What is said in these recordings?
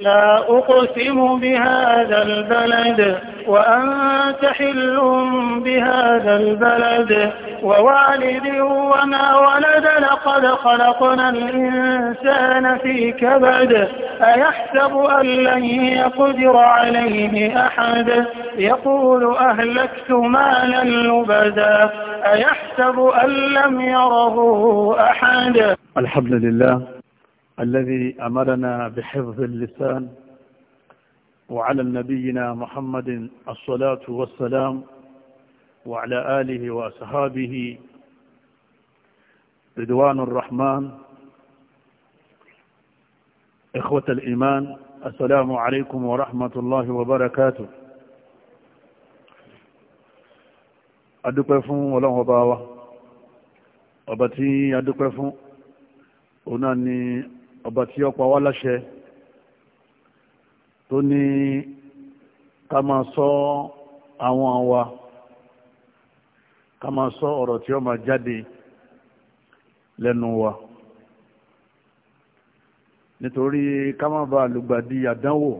لا أقسم بهذا البلد وأنت حل بهذا البلد ووالد وما ولد لقد خلقنا الإنسان في كبد أيحسب أن لن يقدر عليه أحد يقول أهلكت مالا لبدا أيحسب أن لم يره أحد الحمد لله الذي أمرنا بحفظ اللسان وعلى نبينا محمد الصلاة والسلام وعلى آله وأصحابه رضوان الرحمن إخوة الإيمان السلام عليكم ورحمة الله وبركاته adúpẹ́ fún ọlọ́run ọba wa ọba tí adúpẹ́ ọba tí ó pa wá láṣẹ tó ní ká máa sọ àwọn àwa ká máa sọ ọ̀rọ̀ tí ó máa jáde lẹ́nu wa nítorí ká má bàa lùgbàdì àdánwò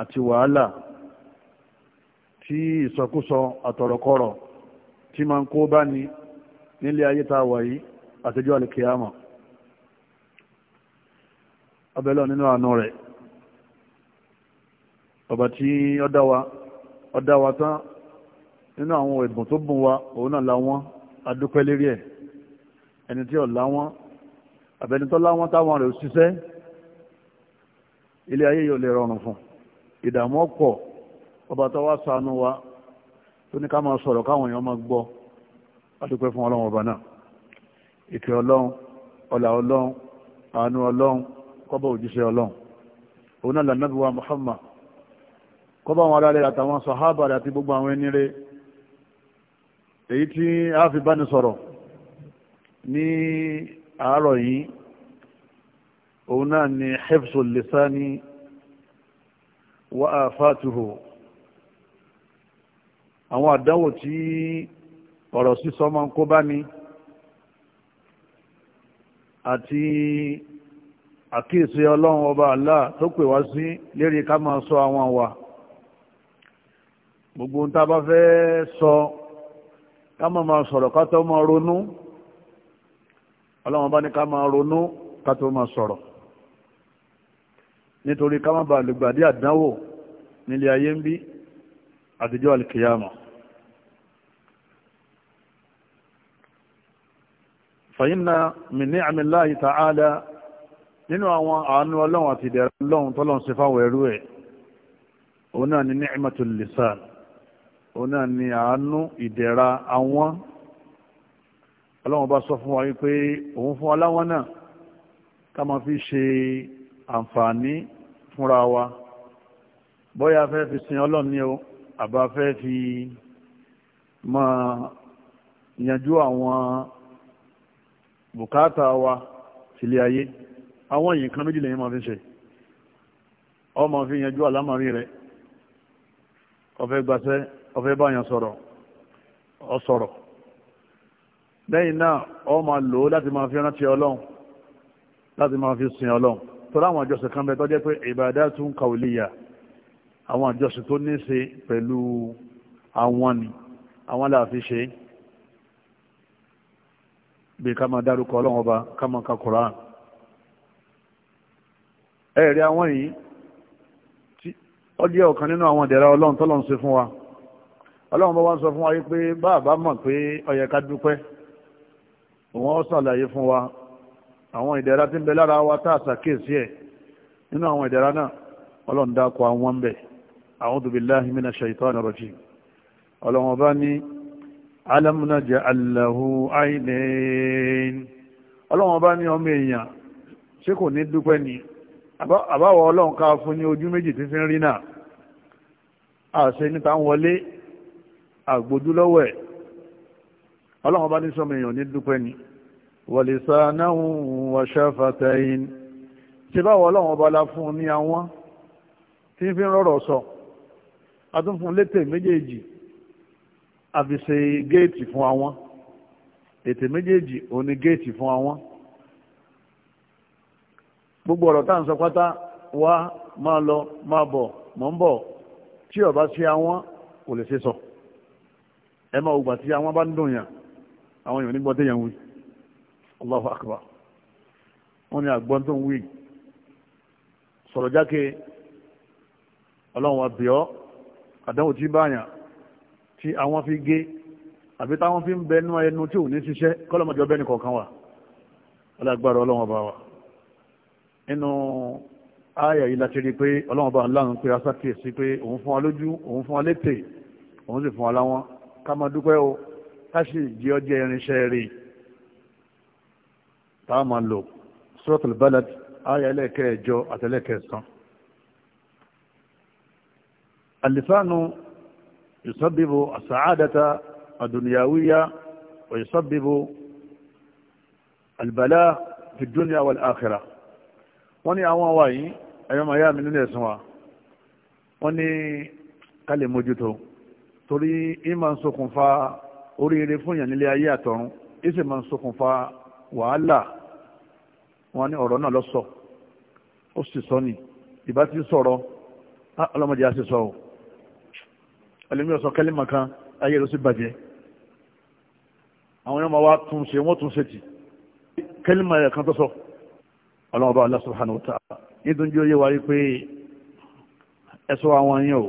àti wàhálà tí ìsọkúsọ àtọ̀rọ̀kọ̀rọ̀ tí máa ń kó bá ní nílé ayé tá a wà yìí àtijọ́ àlùkìyàmọ̀ abẹ́lọ́ nínú àánú rẹ̀ ọba tí ó dá wa ó dá wa tán nínú àwọn ẹ̀bùn tó bùn wa òun náà láwọn adúpẹ́ lérí ẹ̀ ẹni tí ó láwọn àbẹnitọ́ láwọn táwọn rẹ̀ òṣìṣẹ́ ilé ayé yóò lè rọrùn fún ìdààmú ọ̀pọ̀ ọba tó wá ṣàánú wa tó ní ká máa sọ̀rọ̀ káwọn èèyàn máa gbọ́ adúpẹ́ fún ọlọ́run ọba náà ìkẹ́ ọlọ́run ọlà ọlọ́run àánú ọlọ́run kọ́bà òjíṣẹ́ ọlọ́run òun náà lànàbí wa Muhammad kọ́bà àwọn ará rẹ̀ àtàwọn sàhábà rẹ̀ àti gbogbo àwọn ẹni rẹ̀ èyí tí a fi bá ní sọ̀rọ̀ ní àárọ̀ yìí òun náà ni hefsul lisani wa afatuhu àwọn àdánwò tí ọ̀rọ̀ sísọ máa ń kó bá ní àti àkíyèsí ọlọ́run ọba Allah tó pè wá sí lérí ká máa sọ àwọn àwà gbogbo ń tábá fẹ́ sọ ká máa máa sọ̀rọ̀ ká tó máa ronú ọlọ́run ọba ní ká máa ronú ká tó máa sọ̀rọ̀ nítorí ká má bàa lè gbàdí àdánwò nílé ayé ń bí àtijọ́ alìkìyàmọ̀ fàyínà min ni'amillahi ta'ala nínú àwọn àánú ọlọ́run àti ìdẹ̀rẹ̀ ọlọ́run tọ́lọ́run ṣe fáwọn ẹrú ẹ̀ òun náà ni ni'matul lisan òun náà ni àánú ìdẹ̀ra àwọn ọlọ́run bá sọ fún wa wípé òun fún aláwọn náà ká máa fi ṣe àǹfààní fúnra wa bóyá fẹ́ fi sin ọlọ́run ni o àbá fẹ́ fi máa yanjú àwọn bùkátà wa sílé ayé àwọn yìí kan méjìlẹ̀ yìí máa fi ṣe ọmọ fi yanjú àlámàrí rẹ̀ ọ̀fẹ́ gbàṣẹ́ ọ̀fẹ́ báyàn sọ̀rọ̀ ọ̀sọ̀rọ̀ lẹ́yìn náà ọ máa lò ó láti máa fi rántí ọlọ́run láti máa fi sin ọlọ́run tó láwọn àjọsìn kan bẹ tó jẹ́ pé ìbàdá tún kàwìlìyà àwọn àjọsìn tó ní ṣe pẹ̀lú àwọn ni àwọn la ṣe bí ká máa dárúkọ ọlọ́run ọba ká máa ka Kùránì ẹ̀rí àwọn yìí tí ó jẹ́ ọ̀kan nínú àwọn ìdẹ̀ra ọlọ́run tó lọ́n ṣe fún wa ọlọ́run bá wá ń sọ fún wa yí pé báàbá mọ̀ pé ó yẹ ká dúpẹ́ òun ó ṣàlàyé fún wa àwọn ìdẹ̀ra tí ń bẹ lára wa tá a ṣàkíyèsí ẹ̀ nínú àwọn ìdẹ̀ra náà ọlọ́run dákọ̀ àwọn ń bẹ̀ a'udhu billahi minash shaitanir rajim ọlọ́run ọba ní alam naj'al lahu ọlọ́run ọba ní ọmọ èèyàn ṣé kò ní dúpẹ́ ni àbáwọ̀ ọlọ́run ká fún ní ojú méjì tí fi ń rí náà àṣẹ níta ń wọlé àgbójú lọ́wọ́ ẹ̀ ọlọ́run bá ní sọmọ èèyàn ní dúpẹ́ ni walisanan wa shafatayn ṣe báwọ̀ ọlọ́run ọba la fún ní àwọn tí fi ń rọ̀rọ̀ sọ a tún fún létè méjèèjì àfi ṣe fún àwọn ètè méjèèjì òun ni fún àwọn gbogbo ọ̀rọ̀ tá à ń sọ pátá wá máa lọ máa bọ̀ mọ̀ ń bọ̀ tí ọba sí àwọn kò lè ṣe sọ ẹ máa ògbà tí àwọn bá ń dùn yàn àwọn èèyàn nígbọ́ téèyàn wí Allahu akbar wọ́n ní àgbọ́n tó ń wí sọ̀rọ̀ jáke ọlọ́run àbíọ́ àdánwò tí báyàn tí àwọn fi gé àbí táwọn fi ń bẹ nínú ẹnu tí ò ní ṣiṣẹ́ kọ́lọ́mọdé ọbẹ̀ nìkọ̀ọ̀kan wà ọlọ́run ọba wa nínú ayà yìí láti rí pé ọlọ́run bá ńlá ń pe asákìyèsí pé òun fún wa lójú òun fún wa létè òun sì fún wa láwọn ká máa dúpẹ́ o ká sì jẹ́ ọjọ́ irinṣẹ́ rí tá lò suratul balad ayà ẹlẹ́kẹ̀ẹ́jọ àtẹlẹ́kẹ̀ẹ́sán alìsánú ìsọ́bíbo àsàádẹ́ta àdùnìyàwíyá ويسبب البلاء في الدنيا والآخرة wọ́n ní àwọn wa yìí ẹ̀yọ́ màá yá mi nílẹ̀ sùn wa wọ́n ní ká lè mójútó torí í máa ń ṣokùnfà oríire fún èèyàn nílé ayé àtọ̀run í sì máa ń ṣokùnfà wàhálà wọ́n ní ọ̀rọ̀ náà lọ sọ ó sì sọ ni ìbá ti sọ̀rọ̀ ọlọ́mọdé á sì sọ o ẹlẹ́mi ọ̀sán kẹ́lẹ́mà kan ayé ló sì bàjẹ́ àwọn yóò máa wá túnṣe wọ́n túnṣe tì kẹ́lẹ́mà ẹ̀ kan tó sọ ọlọ́ọ̀bá Allah subhanahu wa ta'ala nítorí oyé wa rí pé ẹ̀sọ́ àwọn yín o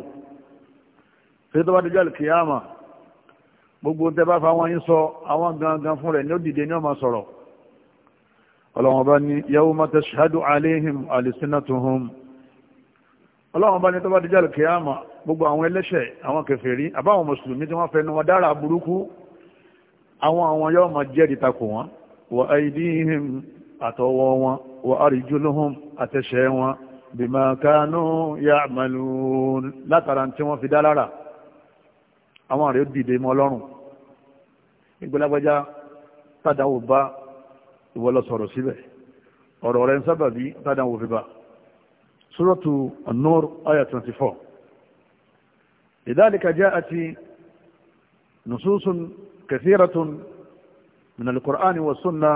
ṣe tó bá dẹjọ́ alìkìyàmà gbogbo tẹ bá fa àwọn yín sọ àwọn gangan fún rẹ̀ ní ó dìde ní ọmọ sọ̀rọ̀ ọlọ́ọ̀bá ní yawma tashhadu alayhim alsinatuhum ọlọ́ọ̀bá ní tó bá dẹjọ́ alìkìyàmà gbogbo àwọn àtọwọ́ wọn wà arjuluhum àtẹ̀ṣẹ̀ wọn bima kanu ya'malun látara tí wọ́n fi dá lára àwọn àrẹ dìde mọ́ ọlọ́run ìgbélágbájá tàdáwò bá ìwọ lọ sọ̀rọ̀ síbẹ̀ ọ̀rọ̀ rẹ̀ ń sábàbí tàdáwò fi bá suratu an-nur aya 24 lidhalika ja'at nususun kathiratun min al-Qur'ani wa sunnah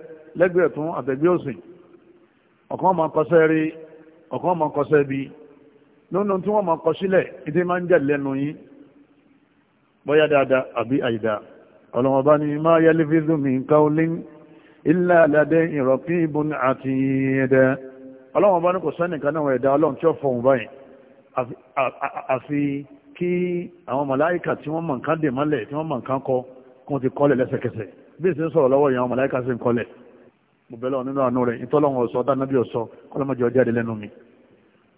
lẹ́gbẹ̀ẹ́ tún àtẹ̀gbẹ́ òsìn ọ̀kan máa kọsẹ́ rí ọ̀kan máa kọsẹ́ bí lónà tí wọ́n máa kọ sílẹ̀ ìdí máa ń jẹ́ lẹ́nu yín bóyá dáadáa àbí àìdáa ọlọ́wọ́n bá ní máa yẹ lé fíìsù mi nǹkan olé ilé aládé ìrọ̀kí ìbùn àti ẹ̀dẹ́ ọlọ́wọ́n bá ní kò sẹ́nìkan náà ẹ̀dá ọlọ́run tí ó fọ̀hún báyìí àfi kí àwọn màláìkà tí wọ́n mọ̀ nǹkan dè mọ́lẹ̀ tí wọ́n mọ̀ nǹkan kọ kún ti kọ́lẹ̀ lẹ́sẹ̀kẹsẹ̀ bí ìsìn lọ́wọ́ ìyàwó màláìkà sì ń kọ́lẹ̀ mo bẹ̀rẹ̀ ọ̀ nínú àánú rẹ̀ ìtọ́lọ́wọ̀n ọ̀sọ́ dánábí ọ̀sọ́ kọ́lọ́mọjọ jáde lẹ́nu mi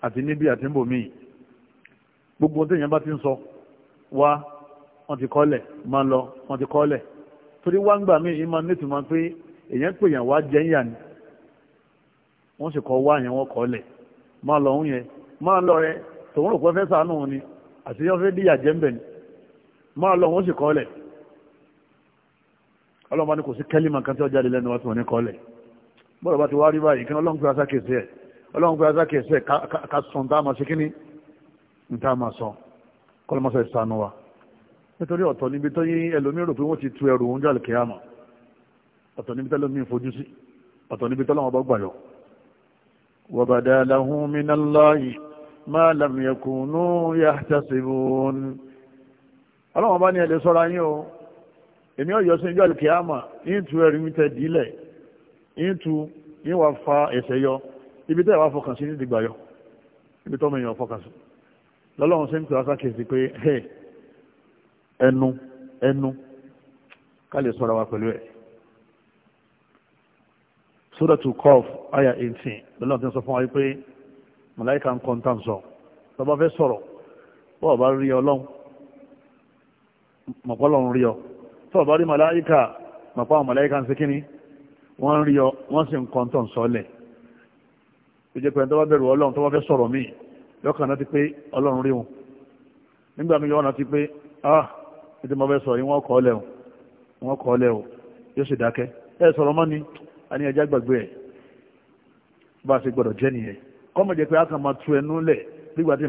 àti níbi àti níbò míì gbogbo ohun téèyàn bá ti ń sọ wá wọn ti kọ́lẹ̀ máa lọ wọn ti kọ́lẹ̀ torí wá ń gbà mí ìmọ̀ pé èèyàn pè yàn wá jẹ́ ni wọ́n sì kọ́ wá yẹn wọ́n kọ́lẹ̀ máa lọ yẹn máa lọ rẹ tòun rò pé fẹ́ bọ́ọ̀rọ̀ bá ti wá rí báyìí kí ọlọ́run fúra sákèsí ọlọ́run fúra sákèsí ẹ̀ ká sùn tá a máa ṣe kíní ní tá máa sọ ìsànú wa nítorí ọ̀tọ̀ níbi tó yín ẹlòmíràn rò pé wọ́n ti tu ẹrù oúnjẹ àlùkìyàmọ̀ ọ̀tọ̀ níbi tẹ́lómìn fojú sí ọ̀tọ̀ níbi tọ́lọ́wọ́n bá bá ní ẹ̀lẹ́ sọ́ra yín o èmi ọ̀yọ́ sí ìjọ àlùkìyàmọ̀ yín tu ẹrù mi tẹ̀ dílẹ̀ ìtú yíò wà fa ẹ̀ṣẹ̀ yọ ibi tẹ́ẹ̀ wá fọkàn sí nídìgbà yọ ibi tọ́mọ èèyàn fọkàn sí lọ́lọ́run sí ń pè wáṣá kìí sí pé ẹ ẹnu ẹnu ká lè sọ́ra wa pẹ̀lú ẹ̀ sódàtù kọf àyà 18 lọ́lọ́run ti sọ fún wa pé màláìka ń kọ́ńtà ń sọ lọ́ba fẹ́ sọ̀rọ̀ bọ́ọ̀ bá rí ọlọ́run mọ̀pọ́lọ́run rí ọ tọ́ọ̀ bá rí màláìka mọ̀pọ́ àwọn màláìka ń ṣe kíni wọ́n rí ọ wọ́n sì ń kọ́ ń sọ́lẹ̀ tó jẹ́ pé ẹni tó bá bẹ̀rù ọlọ́run tó bá fẹ́ sọ̀rọ̀ náà ti pé ọlọ́run rí wọn nígbà mi yọkàn náà ti pé ah sọ yìí wọ́n kọ́ o wọ́n kọ́ lẹ̀ o yóò dákẹ́ ẹ sọ̀rọ̀ mọ́ ni a ní ẹja gbàgbé bá a ṣe gbọ́dọ̀ jẹ́ nìyẹn jẹ́ pé a kàn máa tu ẹnu lẹ̀ nígbà tí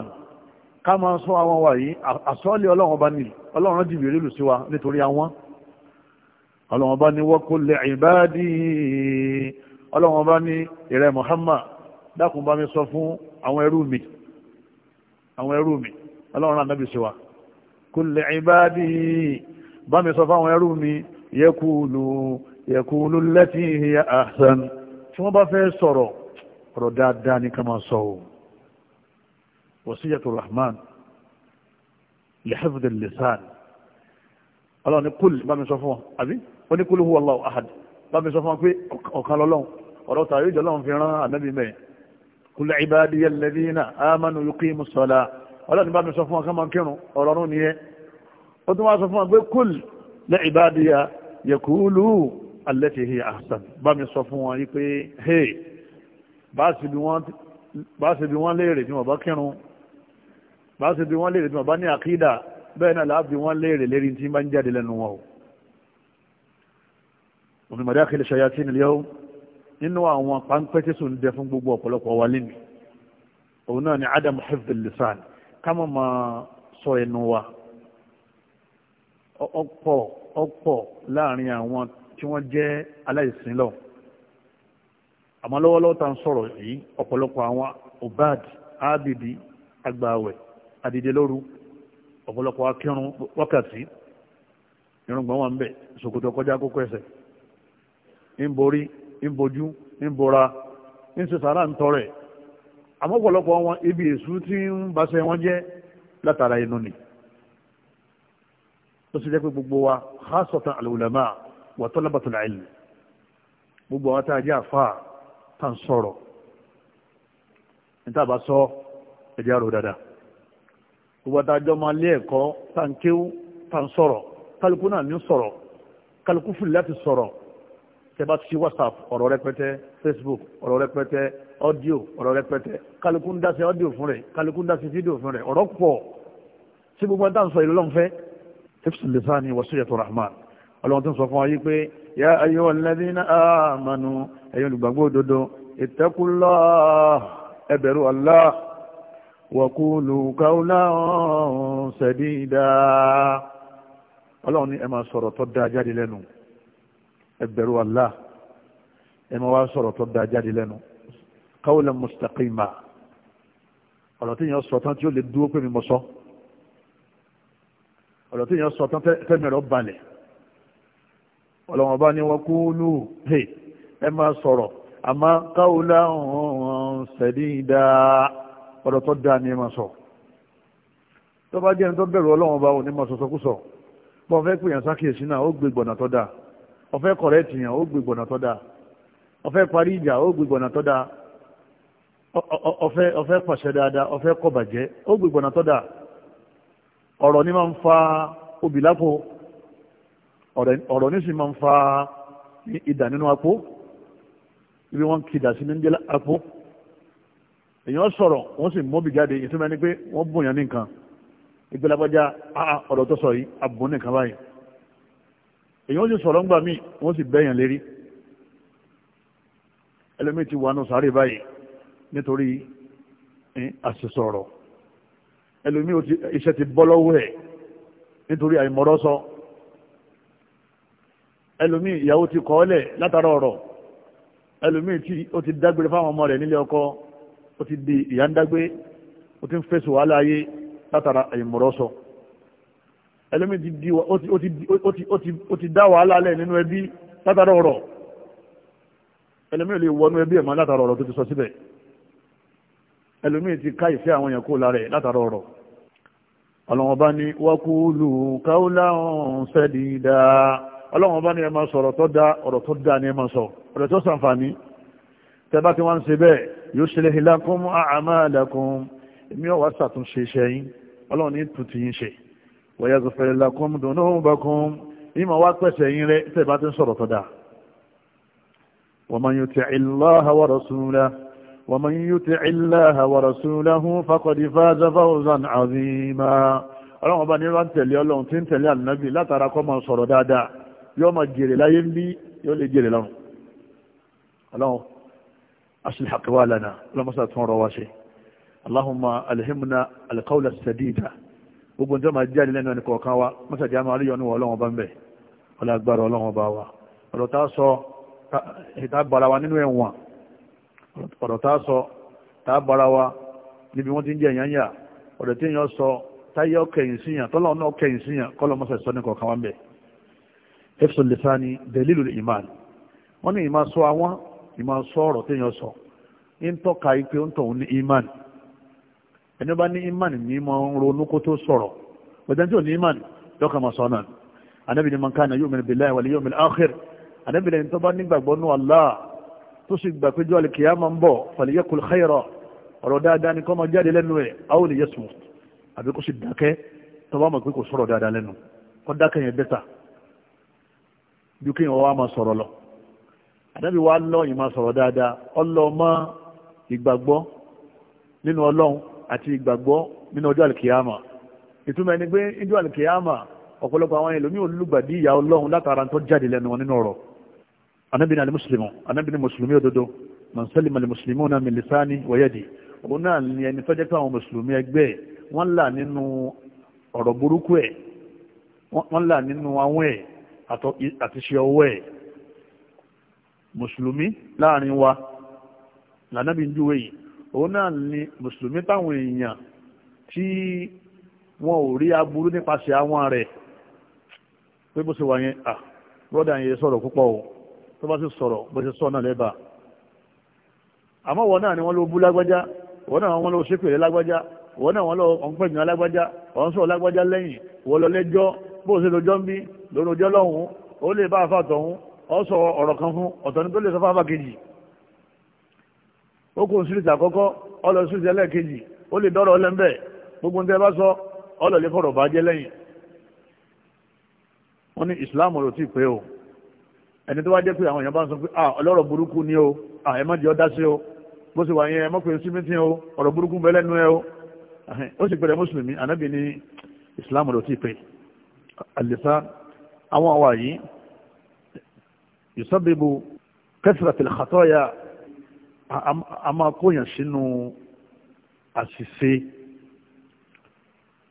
n ká máa sọ àwọn wà yìí àsọ́ọ́lẹ̀ ọlọ́run bá ní ọlọ́run dìbò ìrìlù sí wa nítorí àwọn ọlọ́run bá ní wọ́kọ́ lẹ̀ ìbáàdì ọlọ́run bá ní ìrẹ́ Muhammad dákun bá mi sọ fún àwọn ẹrú mi àwọn ẹrú mi ọlọ́run náà nábì sí wa kò lẹ̀ ìbáàdì bá mi sọ fún àwọn ẹrú mi yẹkùlù yẹkùlù lẹ́tì ìhìyà àṣàn tí wọ́n bá fẹ́ sọ̀rọ̀ ọ̀rọ̀ dáadáa ní ká máa sọ ọ́ wasiyyatu rahman lihifdhi lisan ọlọ́run ní kúlì bá mi sọ fún wọn àbí ó ní kúlì huwa Allahu ahad bá mi sọ fún wọn pé ọ̀kan lọ́lọ́run ọ̀rọ̀ tààrí ìjọ lọ́run fi rán ànábì mẹ́ẹ̀ kul ibadiya alladhina amanu yuqimu s-salah ọlọ́run bá mi sọ fún wọn ká máa kírun ọ̀rọ̀ ọ̀run nìyẹn ó tún wá sọ fún wọn pé kúlì ní ibadiya yakulu allati hiya ahsan bá mi sọ fún wọn yí pé hey bá sì bí wọ́n léèrè bí wọ́n bá kírun bá ṣe bí wọ́n léèrè tí wọ́n bá ní àkídà bẹ́ẹ̀ náà láàbí wọ́n léèrè lérí tí bá ń jáde lẹ́nu wọn o òmì madakil shayatin al-yawm nínú àwọn pàǹpẹ́ tí sùn dẹ fún gbogbo ọ̀pọ̀lọpọ̀ wa lẹ́nu òun náà ni adam hifz al-lisan ká má máa sọ ẹnu wa ọ̀pọ̀ ọ̀pọ̀ láàrin àwọn tí wọ́n jẹ́ aláìsìn lọ àmọ́ lọ́wọ́lọ́wọ́ tá ń sọ̀rọ̀ yìí ọ̀pọ̀lọpọ̀ àwọn obad abidi agbawẹ̀ àdìdè lóru ọ̀pọ̀lọpọ̀ akírun wákàtí irùngbọ̀n wà ń bẹ̀ ṣòkòtò kọjá kókó ẹsẹ̀ ń borí ń bojú ń bora ń ṣe sàrà ń tọrẹ àmọ́ ọ̀pọ̀lọpọ̀ wọn ibi èṣù tí ń baṣẹ́ wọn jẹ́ látara inú ni ó sì jẹ́ pé gbogbo wa khasatan al-ulama wa talabatul ilm gbogbo àwọn tá a jẹ́ àfáà tá à ń sọ̀rọ̀ níta bá sọ ẹ̀jẹ̀ àrò dáadáa ìwọ́dájọ́ máa lé ẹ̀kọ́ tàǹkéwú tàǹsọ̀rọ̀ kálukú náà ní sọ̀rọ̀ kálukú fìlì láti sọ̀rọ̀ tẹ́ bá ti ṣe whatsapp ọ̀rọ̀ rẹpẹtẹ facebook ọ̀rọ̀ rẹpẹtẹ audio ọ̀rọ̀ rẹpẹtẹ kálukú ń dáṣe audio fún rẹ̀ kálukú ń dáṣe fídíò fún rẹ̀ ọ̀rọ̀ pọ̀ sí gbogbo ẹ̀dá ń sọ ìlú lọ́nfẹ́ tẹ́fṣin lisani wasiyatu rahman ọlọ́run tó ń sọ fún wa yí pé ya ayyuhal ladhina amanu ẹ̀yin olùgbàgbọ́ òdodo ittaqullah ẹ bẹ̀rù وقولوا قولا سديدا ọlọ́run ní ẹ máa sọ̀rọ̀ tó dáa jáde lẹ́nu ẹ bẹ̀rù Allah ẹ máa wá sọ̀rọ̀ tó dáa jáde lẹ́nu قولا مستقيما ọ̀rọ̀ tí yẹn sọ tán tí ó lè dúró pé mi mọ̀ sọ ọ̀rọ̀ yẹn sọ tán tẹ́mẹ̀rọ balẹ̀ ọlọ́wọ́n bá ní وقولوا ẹ máa sọ̀rọ̀ àmọ́ قولا سديدا. ọ̀rọ̀ tó dáa ni ma sọ tó bá jẹ́ ẹni tó bẹ̀rù ọlọ́run bá ma bọ́n fẹ́ pèèyàn náà ó gbé gbọ̀nà ọ̀fẹ́ yàn ó gbé gbọ̀nà ọ̀fẹ́ parí ìjà ó gbé gbọ̀nà ọ̀fẹ́ pàṣẹ dáadáa ọ̀fẹ́ ó gbé gbọ̀nà ọ̀rọ̀ ni máa ń fa obì lápò ọ̀rọ̀ ní sì máa ń fa ìdà nínú apó ibi wọ́n kìdà sí ní ń jẹ́ èèyàn sọ̀rọ̀ wọ́n sì mọ́bì jáde ìtumọ̀ ni pé wọ́n bùn yàn nìkan ìgbélágbájá ọ̀rọ̀ tó sọ yìí àbùn nìkan báyìí èèyàn sì sọ̀rọ̀ ńgbà míì wọ́n sì bẹ́yàn lérí ẹlẹ́mìí ti wà nù sáré báyìí nítorí àṣìṣọ̀rọ̀ ẹlòmíì iṣẹ́ ti bọ́ lọ́wọ́ ẹ̀ nítorí àìmọ̀rọ̀ sọ ẹlòmíì ìyàwó ti kọ́ ọ́lẹ̀ látara ọ̀rọ̀ ẹlòmíì ó ti dágbére fáwọn ọmọ rẹ̀ nílé ọkọ ó ti di ìyá ń dágbé ó ti ń fèsì wàhálà ayé látara àyèmọ̀rọ́sọ ẹlẹ́mì ti di ó ti dá wàhálà alẹ́ nínú ẹbí látara ọ̀rọ̀ ẹlẹ́mì ò lè wọnú ẹbí ẹ̀mọ́ látara ọ̀rọ̀ tó ti sọ síbẹ̀ ẹlẹ́mì ti ká ìfẹ́ àwọn èèyàn kó lára ẹ̀ látara ọ̀rọ̀ ọlọ́wọ́n bá ní wákúlù káúláhùn sẹ́dídá ọlọ́wọ́n bá ní ẹ máa sọ ọ̀rọ̀ tó dá ọ̀rọ̀ tó dá ní ẹ máa sọ ọ̀rọ̀ tó sàǹfààní tẹ́ bá ti wá ń ṣe bẹ́ẹ̀ yuslih lakum a'malakum èmi ọ̀wá ṣàtúnṣe iṣẹ́ yín ọlọ́run ní tuntun yín ṣe wa yaghfir lakum dunubakum ìmọ̀ wá pẹ̀sẹ̀ yín rẹ tẹ́ bá ti ń sọ̀rọ̀ tó dáa wa man yuti'i llaha wa rasulahu wa man wọ́n tẹ̀lé ń tẹ̀lé ànábì látara kọ́ máa sọ̀rọ̀ dáadáa yóò máa jèrè láyé ọlọ́run أصلح أقوالنا لما سأتون رواسي اللهم ألهمنا القول السديد gbogbo ǹjọ́ máa jáde lẹ́nu ẹnìkọ̀ kan wa mọ́sàdì àmà àríyànú ọlọ́wọ́n bá ń bẹ̀ ọlá agbára ọlọ́wọ́n bá wa ọ̀rọ̀ tá sọ tá bára wa nínú ẹ̀wọ̀n ọ̀rọ̀ tá sọ tá bára wa níbi wọ́n ti ń jẹ́ èèyàn yà ọ̀rọ̀ tí èèyàn sọ táyé ọkẹ̀yìn síyàn tọ́lọ́ náà kẹ̀yìn síyàn kọ́lọ́ mọ́sàdì sọ nìkọ̀ kan wa ń bẹ̀ efsul lisani dalilu iman wọ́n ní ìmá sọ àwọn ìmọ̀ sọ ọ̀rọ̀ téèyàn sọ ń tọ́ka ipe ń tọ̀hún ní iman ẹni bá ní iman ní mọ̀ ń ronú kó tó sọ̀rọ̀ bẹ̀tẹ̀ tí ò ní iman lọ́kàn máa sọ náà anábì ní man kana yu'minu billahi wal yawmil akhir anábì ní tó bá nígbàgbọ́ nù Allah tó sì gbà péjọ alìkìyàmọ̀ ń bọ̀ falyaqul khayra ọ̀rọ̀ dáadáa ni kó máa jáde lẹ́nu ẹ̀ aw liyasmut àbí kó sì dákẹ́ tó bá pé kò sọ̀rọ̀ dáadáa lẹ́nu kó dákẹ́ yẹn bẹ́ta bí kéèyàn máa sọ̀rọ̀ lọ ànábì wa lọ ìmọ̀ sọ̀rọ̀ dáadáa ọlọ́mọ ìgbàgbọ́ nínú ọlọ́run àti ìgbàgbọ́ nínú ọjọ́ àlìkìyàmà ìtumọ̀ ẹni pé ọjọ́ àlìkìyàmà ọ̀pọ̀lọpọ̀ àwọn ẹlòmí olùgbàdí ìyá ọlọ́run látara tó jáde lẹ́nu wọn nínú ọ̀rọ̀ anábì ní alimuslimu anábì ní mùsùlùmí òdodo mọ̀nsẹ́lì mọ̀lì mùsùlùmí náà mi lisani wọ̀yẹ́dì òun náà ni ẹni tó jẹ́ pé àwọn mùsùlùmí ẹgbẹ́ wọ́n là ọ̀rọ̀ burúkú ẹ̀ wọ́n là nínú àwọn ẹ̀ àti ṣe ọwọ́ ẹ̀ mùsùlùmí láàrin wa lànàbí ń júwe yìí òun náà ni mùsùlùmí táwọn èèyàn tí wọn ò rí aburú nípasẹ̀ àwọn rẹ̀ pé bó ṣe wà yẹn à bọ́dà yẹn sọ̀rọ̀ púpọ̀ o tó bá sì sọ̀rọ̀ bó ṣe sọ náà lẹ́bàá àmọ́ wọn náà ni wọ́n ló bú lágbájá wọn náà wọ́n ló ṣépèrè lágbájá wọn náà wọ́n lọ ọ̀npẹ̀yìn alágbájá ọ̀n sọ̀rọ̀ lágbájá lẹ́yìn wọ́n lọ lẹ́jọ́ bó ṣe lọ́jọ́ ń bí lónìí lọ́hùn ó lè bá àfàtọ̀hún ọ sọ ọ̀rọ̀ kan fún ọ̀tọ̀ ní tó lè sọ fáfá kejì ó kó síríìtì àkọ́kọ́ ọ lọ síríìtì ẹlẹ́ẹ̀kejì ó lè dọ́rọ̀ ọlẹ́ńbẹ̀ gbogbo ní tẹ́ bá sọ ọ lọ lè fọ̀rọ̀ bá jẹ́ lẹ́yìn wọ́n ní ìsìláàmù rò tí pé o ẹni tó wá jẹ́ pé àwọn èèyàn bá ń sọ pé ah ọlọ́rọ̀ burúkú ni o ah ẹ má jẹ́ ọ dá sí o bó ṣe wà yẹn ẹ má pè é símítì o ọ̀rọ̀ burúkú bẹ́ẹ̀ lẹ́nu ẹ o ó sì pèrè mùsùlùmí ànábì ìsọ́bìbò كثرة الخطايا a máa kóyàn sínú àṣìṣe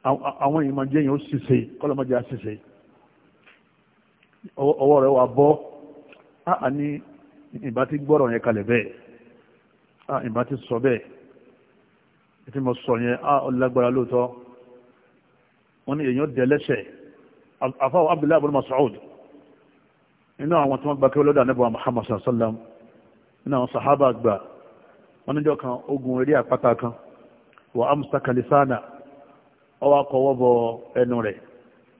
àwọn èèyàn máa jẹ́yìn ó ṣìṣe kọ́lọ́mọdé àṣìṣe ọwọ́ rẹ̀ wà bọ́ a ní ìbá ti gbọ́rọ̀ yẹn kalẹ̀ bẹ́ẹ̀ a ìbá ti sọ bẹ́ẹ̀ ìtí mo sọ yẹn a lágbára lóòótọ́ wọ́n ní èèyàn dẹ̀ lẹ́sẹ̀ afáwọ̀ Abdullahi Abdul Mas'ud nínú àwọn tí wọ́n gba kéwọ́ lọ́dọ̀ anábọ̀ Muhammad sallam nínú àwọn sahaba gbà wọ́n níjọ́ kan ogun eré àpáta kan wà amsaka lisana ọwọ́ ẹnu rẹ̀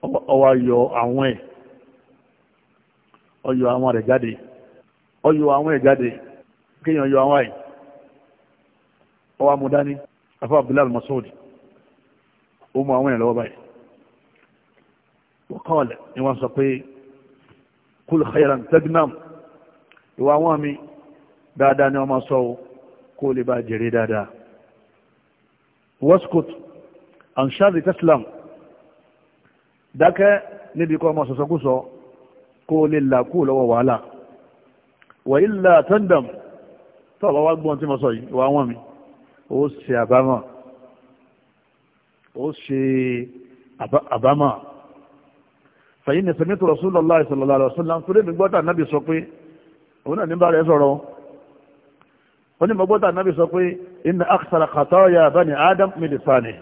ọwọ́ àwọn ẹ̀ jáde àwọn ẹ̀ jáde yọ àwọn ẹ̀ ọwọ́ amúdání afọ Abdullahi Masoud ó mú àwọn ẹ̀ lọ́wọ́ báyìí wọ́n kọ́ ọ̀lẹ̀ ni wọ́n sọ pé kúl khayran tagnam ìwà wọn mi dáadáa ni wọ́n máa sọ kó lè bá jèrè dáadáa waskut an sharri taslam dákẹ́ níbi kọ́ ọmọ sọ̀sọ́kúsọ kó lè là kú lọ́wọ́ wàhálà wa illa tandam tọ́ọ̀bá wá gbọ́n tí mo sọ yìí ìwà wọn mi ó ṣe àbámọ̀ ó ṣe àbámọ̀ fẹ̀yìn ní sẹ́mi tó rọ̀sùn lọ́lá ìṣẹ̀lọ́lá rọ̀sùn lọ́n torí mi gbọ́dọ̀ nábì sọ pé òun náà ní bá rẹ̀ sọ̀rọ̀ ó ní mo gbọ́dọ̀ nábì sọ pé inna aksara khataya bani adam mi lè sani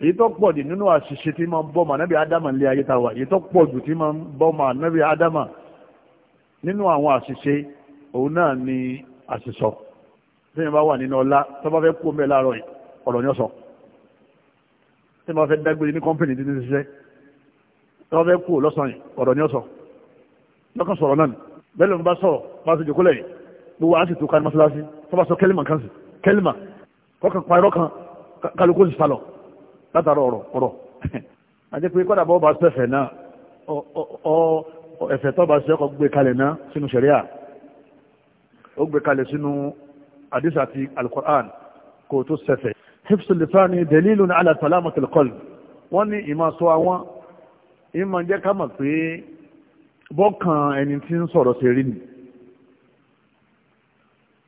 èyí tó pọ̀ jù nínú àṣìṣe tí máa ń bọ́ mà nábì adam ń lé ayé ta wà èyí tó pọ̀ jù tí máa ń bọ́ mà nábì adam nínú àwọn àṣìṣe òun náà ni àṣìṣọ tí yẹn bá wà nínú ọlá tó bá fẹ́ kú omi láàárọ̀ ọ̀rọ̀ ni sọ tí yẹn bá fẹ́ dágbére ní kọ́mpìnì títí ṣiṣẹ́ tọ́wọ́ bẹ́ẹ̀ kú lọ́sàn yìí ọ̀rọ̀ ni ó sọ lọ́kàn sọ̀rọ̀ náà bẹ́ẹ̀ ló ń bá sọ̀rọ̀ bá a ti jòkó lẹ́yìn gbogbo à ń sì tó ká ní mọ́ṣáláṣí tó bá sọ kẹ́límà kan sí kẹ́límà kọ́kàn pa irọ́ kan kálukú sì falọ̀ látara ọ̀rọ̀ ọ̀rọ̀ àti pé kọ́dà bọ́ bá sẹ́fẹ̀ náà ẹ̀fẹ̀ tó bá sẹ́kọ̀ gbé kalẹ̀ náà sínú ṣẹ̀ríà ó gbé kalẹ̀ sínú àdìsá àti alukur'an kò tó sẹ́fẹ̀ hifsulifani dalilun ala salamatil qalb wọ́n ní ìmọ̀ sọ àwọn èyí máa jẹ́ ká mọ̀ pé bọ́kàn ẹni tí ń sọ̀rọ̀ ṣe rí ni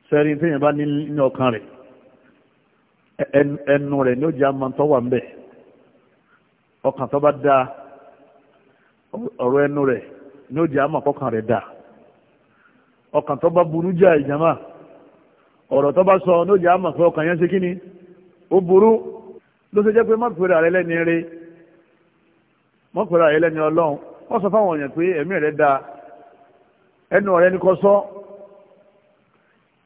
sẹ́ni téèyàn bá ní ní ọkàn rẹ̀ ẹnu rẹ̀ ní ó jẹ́ àmọ́ tó wà ńbẹ̀ ọkàn tó bá dáa ọ̀rọ̀ ẹnu rẹ̀ ní ó jẹ́ àmọ́ kọ́kàn rẹ̀ dáa ọkàn tó bá burú jẹ́ ìjàmá ọ̀rọ̀ tó bá sọ ní ó jẹ́ àmọ́ pé ọkàn yẹn ṣe kí ni ó burú ló ṣe jẹ́ pé má pèrè àrẹ rẹ̀ wọ́n pẹ̀lú àyè lẹ́ni ọlọ́run wọ́n sọ fáwọn èèyàn pé ẹ̀mí rẹ̀ ẹnu ọ̀rẹ́ sọ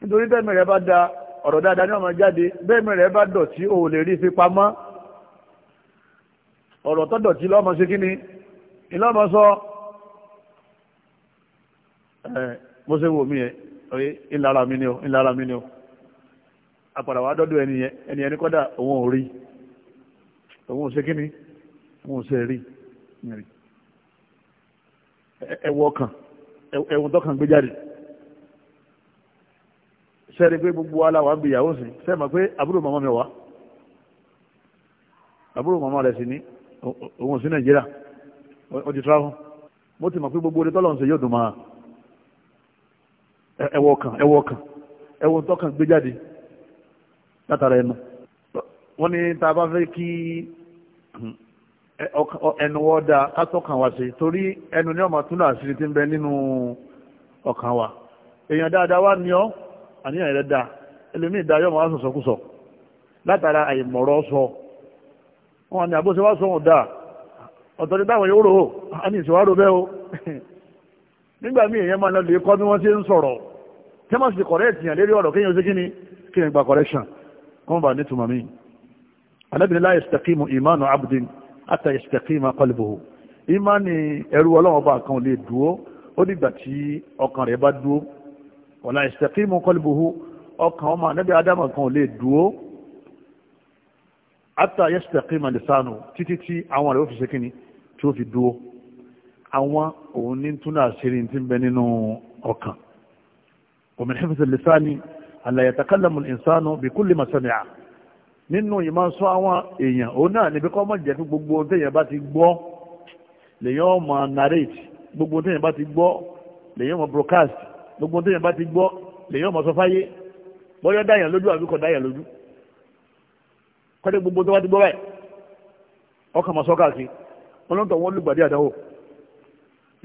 nítorí tẹ́mi rẹ̀ bá da ọ̀rọ̀ dáadáa ní ọmọ jáde bẹ́ẹ̀mi rẹ̀ bá dọ̀tí o lè rí fi pamọ́ ọ̀rọ̀ tó dọ̀tí lọ́mọ sí kíni sọ ẹ ẹwọ ọkàn ẹwọ tọkàn gbé jáde sẹ́ẹ̀rì pé gbogbo aláwa ń bi ìyàwó sí sẹ́ẹ̀ mọ̀ pé àbúrò màmá mi wá àbúrò màmá rẹ̀ sì ní òun sí nàìjíríà ó ti travel mo ti mọ̀ pé gbogbo orí tọ́lọ̀ ń ṣe yóò dùn máa ẹwọ ọkàn ẹwọ ọkàn ẹwọ tọkàn gbé jáde látara ẹnu wọ́n ní tá a bá fẹ́ kí ẹnu ọ̀dà kátọ́kàn wa sí torí ẹnu ní ọmọ túnú àṣírí tí ń bẹ nínú ọkàn wa èèyàn dáadáa wá ní ọ àníyàn rẹ̀ dáa ẹlòmí ìdáyọ̀ wọn á sọ̀sọ̀kúsọ̀ látara àìmọ̀rọ̀ sọ wọn ni àbóṣe wá sọ̀hún dáa ọ̀tọ̀ ní táwọn yóò rò ó a o nígbà míì èèyàn máa lọ lè kọ́ bí wọ́n ṣe ń sọ̀rọ̀ tí wọ́n sì kọ̀rẹ́ ìtìyàn lérí ọ̀rọ̀ kéèyàn ṣe gba kọ́mọ̀bà mi imanu àtà ìṣẹ̀kìmà kọlùbùhù ìmánì ẹrú ọlọ́wọ́n bá kan lè dúó ó dìgbà tí ọkàn rẹ̀ bá dúó wọ̀lá ìṣẹ̀kìmà kọlùbùhù ọkàn ọmọ anábì adama kan lè dúó àtà ìṣẹ̀kìmà lẹ́sànù títí tí àwọn rẹ̀ ó fi ṣe kíni tí ó fi dúó àwọn òun ní túnà àṣírí tí ń bẹ nínú ọkàn òmìnir nínú ìmọ̀ sọ àwọn èèyàn òun náà níbi kọ́ mọ̀ jẹ́ fún gbogbo ohun téèyàn bá ti gbọ́ lèyàn ọmọ narrate gbogbo ohun téèyàn bá ti gbọ́ lèyàn ọmọ broadcast gbogbo ohun téèyàn bá ti gbọ́ lèyàn ọmọ sọ fáyé bọ́yọ́ dáyàn lójú àbí kò dáyàn lójú kọ́dé gbogbo tó wá ti gbọ́ báyìí ọkàn mọ̀ sọ́kà sí ọlọ́ntọ̀ wọn lùgbàdì àdáwò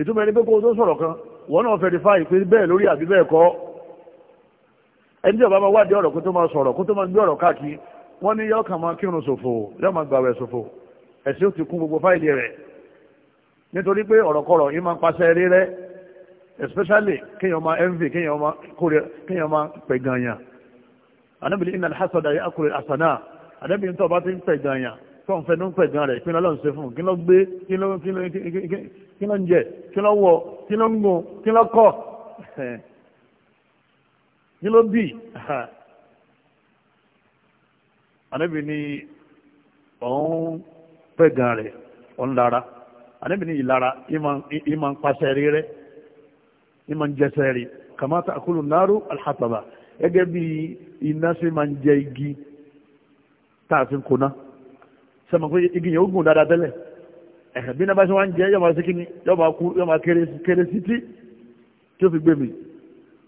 ìtumọ̀ ẹni pé kó tó sọ̀rọ̀ kan wọn náà verify pé bẹ́ẹ̀ lórí àbí bẹ́ẹ̀ kọ́ ẹni tí ọba máa wádìí ọ̀rọ̀ kó tó máa sọ̀rọ̀ kó tó máa gbé ọ̀rọ̀ káàkiri wọ́n ní yọ́ kàn máa kírun ṣòfò yọ́ máa gbàwẹ̀ ṣòfò ẹ̀sìn ó ti kún gbogbo fáìlì rẹ̀ nítorí pé ọ̀rọ̀kọ̀rọ̀ yìí máa ń paṣẹ eré rẹ̀ especially kéèyàn máa envy kéèyàn máa kórè kéèyàn máa pẹ̀ gànyàn anábìlì iná hasada yẹ akure asana anábìlì tó bá ti ń pẹ̀ gànyàn tó ń fẹnu ń pẹ̀ gan rẹ̀ kí ló ń se fún kí ló gbé kí ló kí ló ń jẹ kí ló wọ kí ló ń gùn kí ló kọ kí ló bì anábì ní ọ̀hún pẹ̀gàn rẹ̀ ọ̀hún lára anábì ní ìlara ìmọ̀ ń pàṣẹ rí rẹ̀ ìmọ̀ ń jẹsẹ̀ rí kàmáta àkúlù náírù alhàtàbà gẹ́gẹ́ bí iná sí máa ń jẹ igi tá a fi ń kóná sọmọ pé igi yẹn ó gùn dáadáa tẹ́lẹ̀ ẹ̀hẹ̀ bí náà bá ṣe wá ń jẹ yọ̀ọ́ máa ṣe kíni yọ̀ọ́ máa kú yọ̀ọ́ máa kéré sí tí tí ó fi gbé mi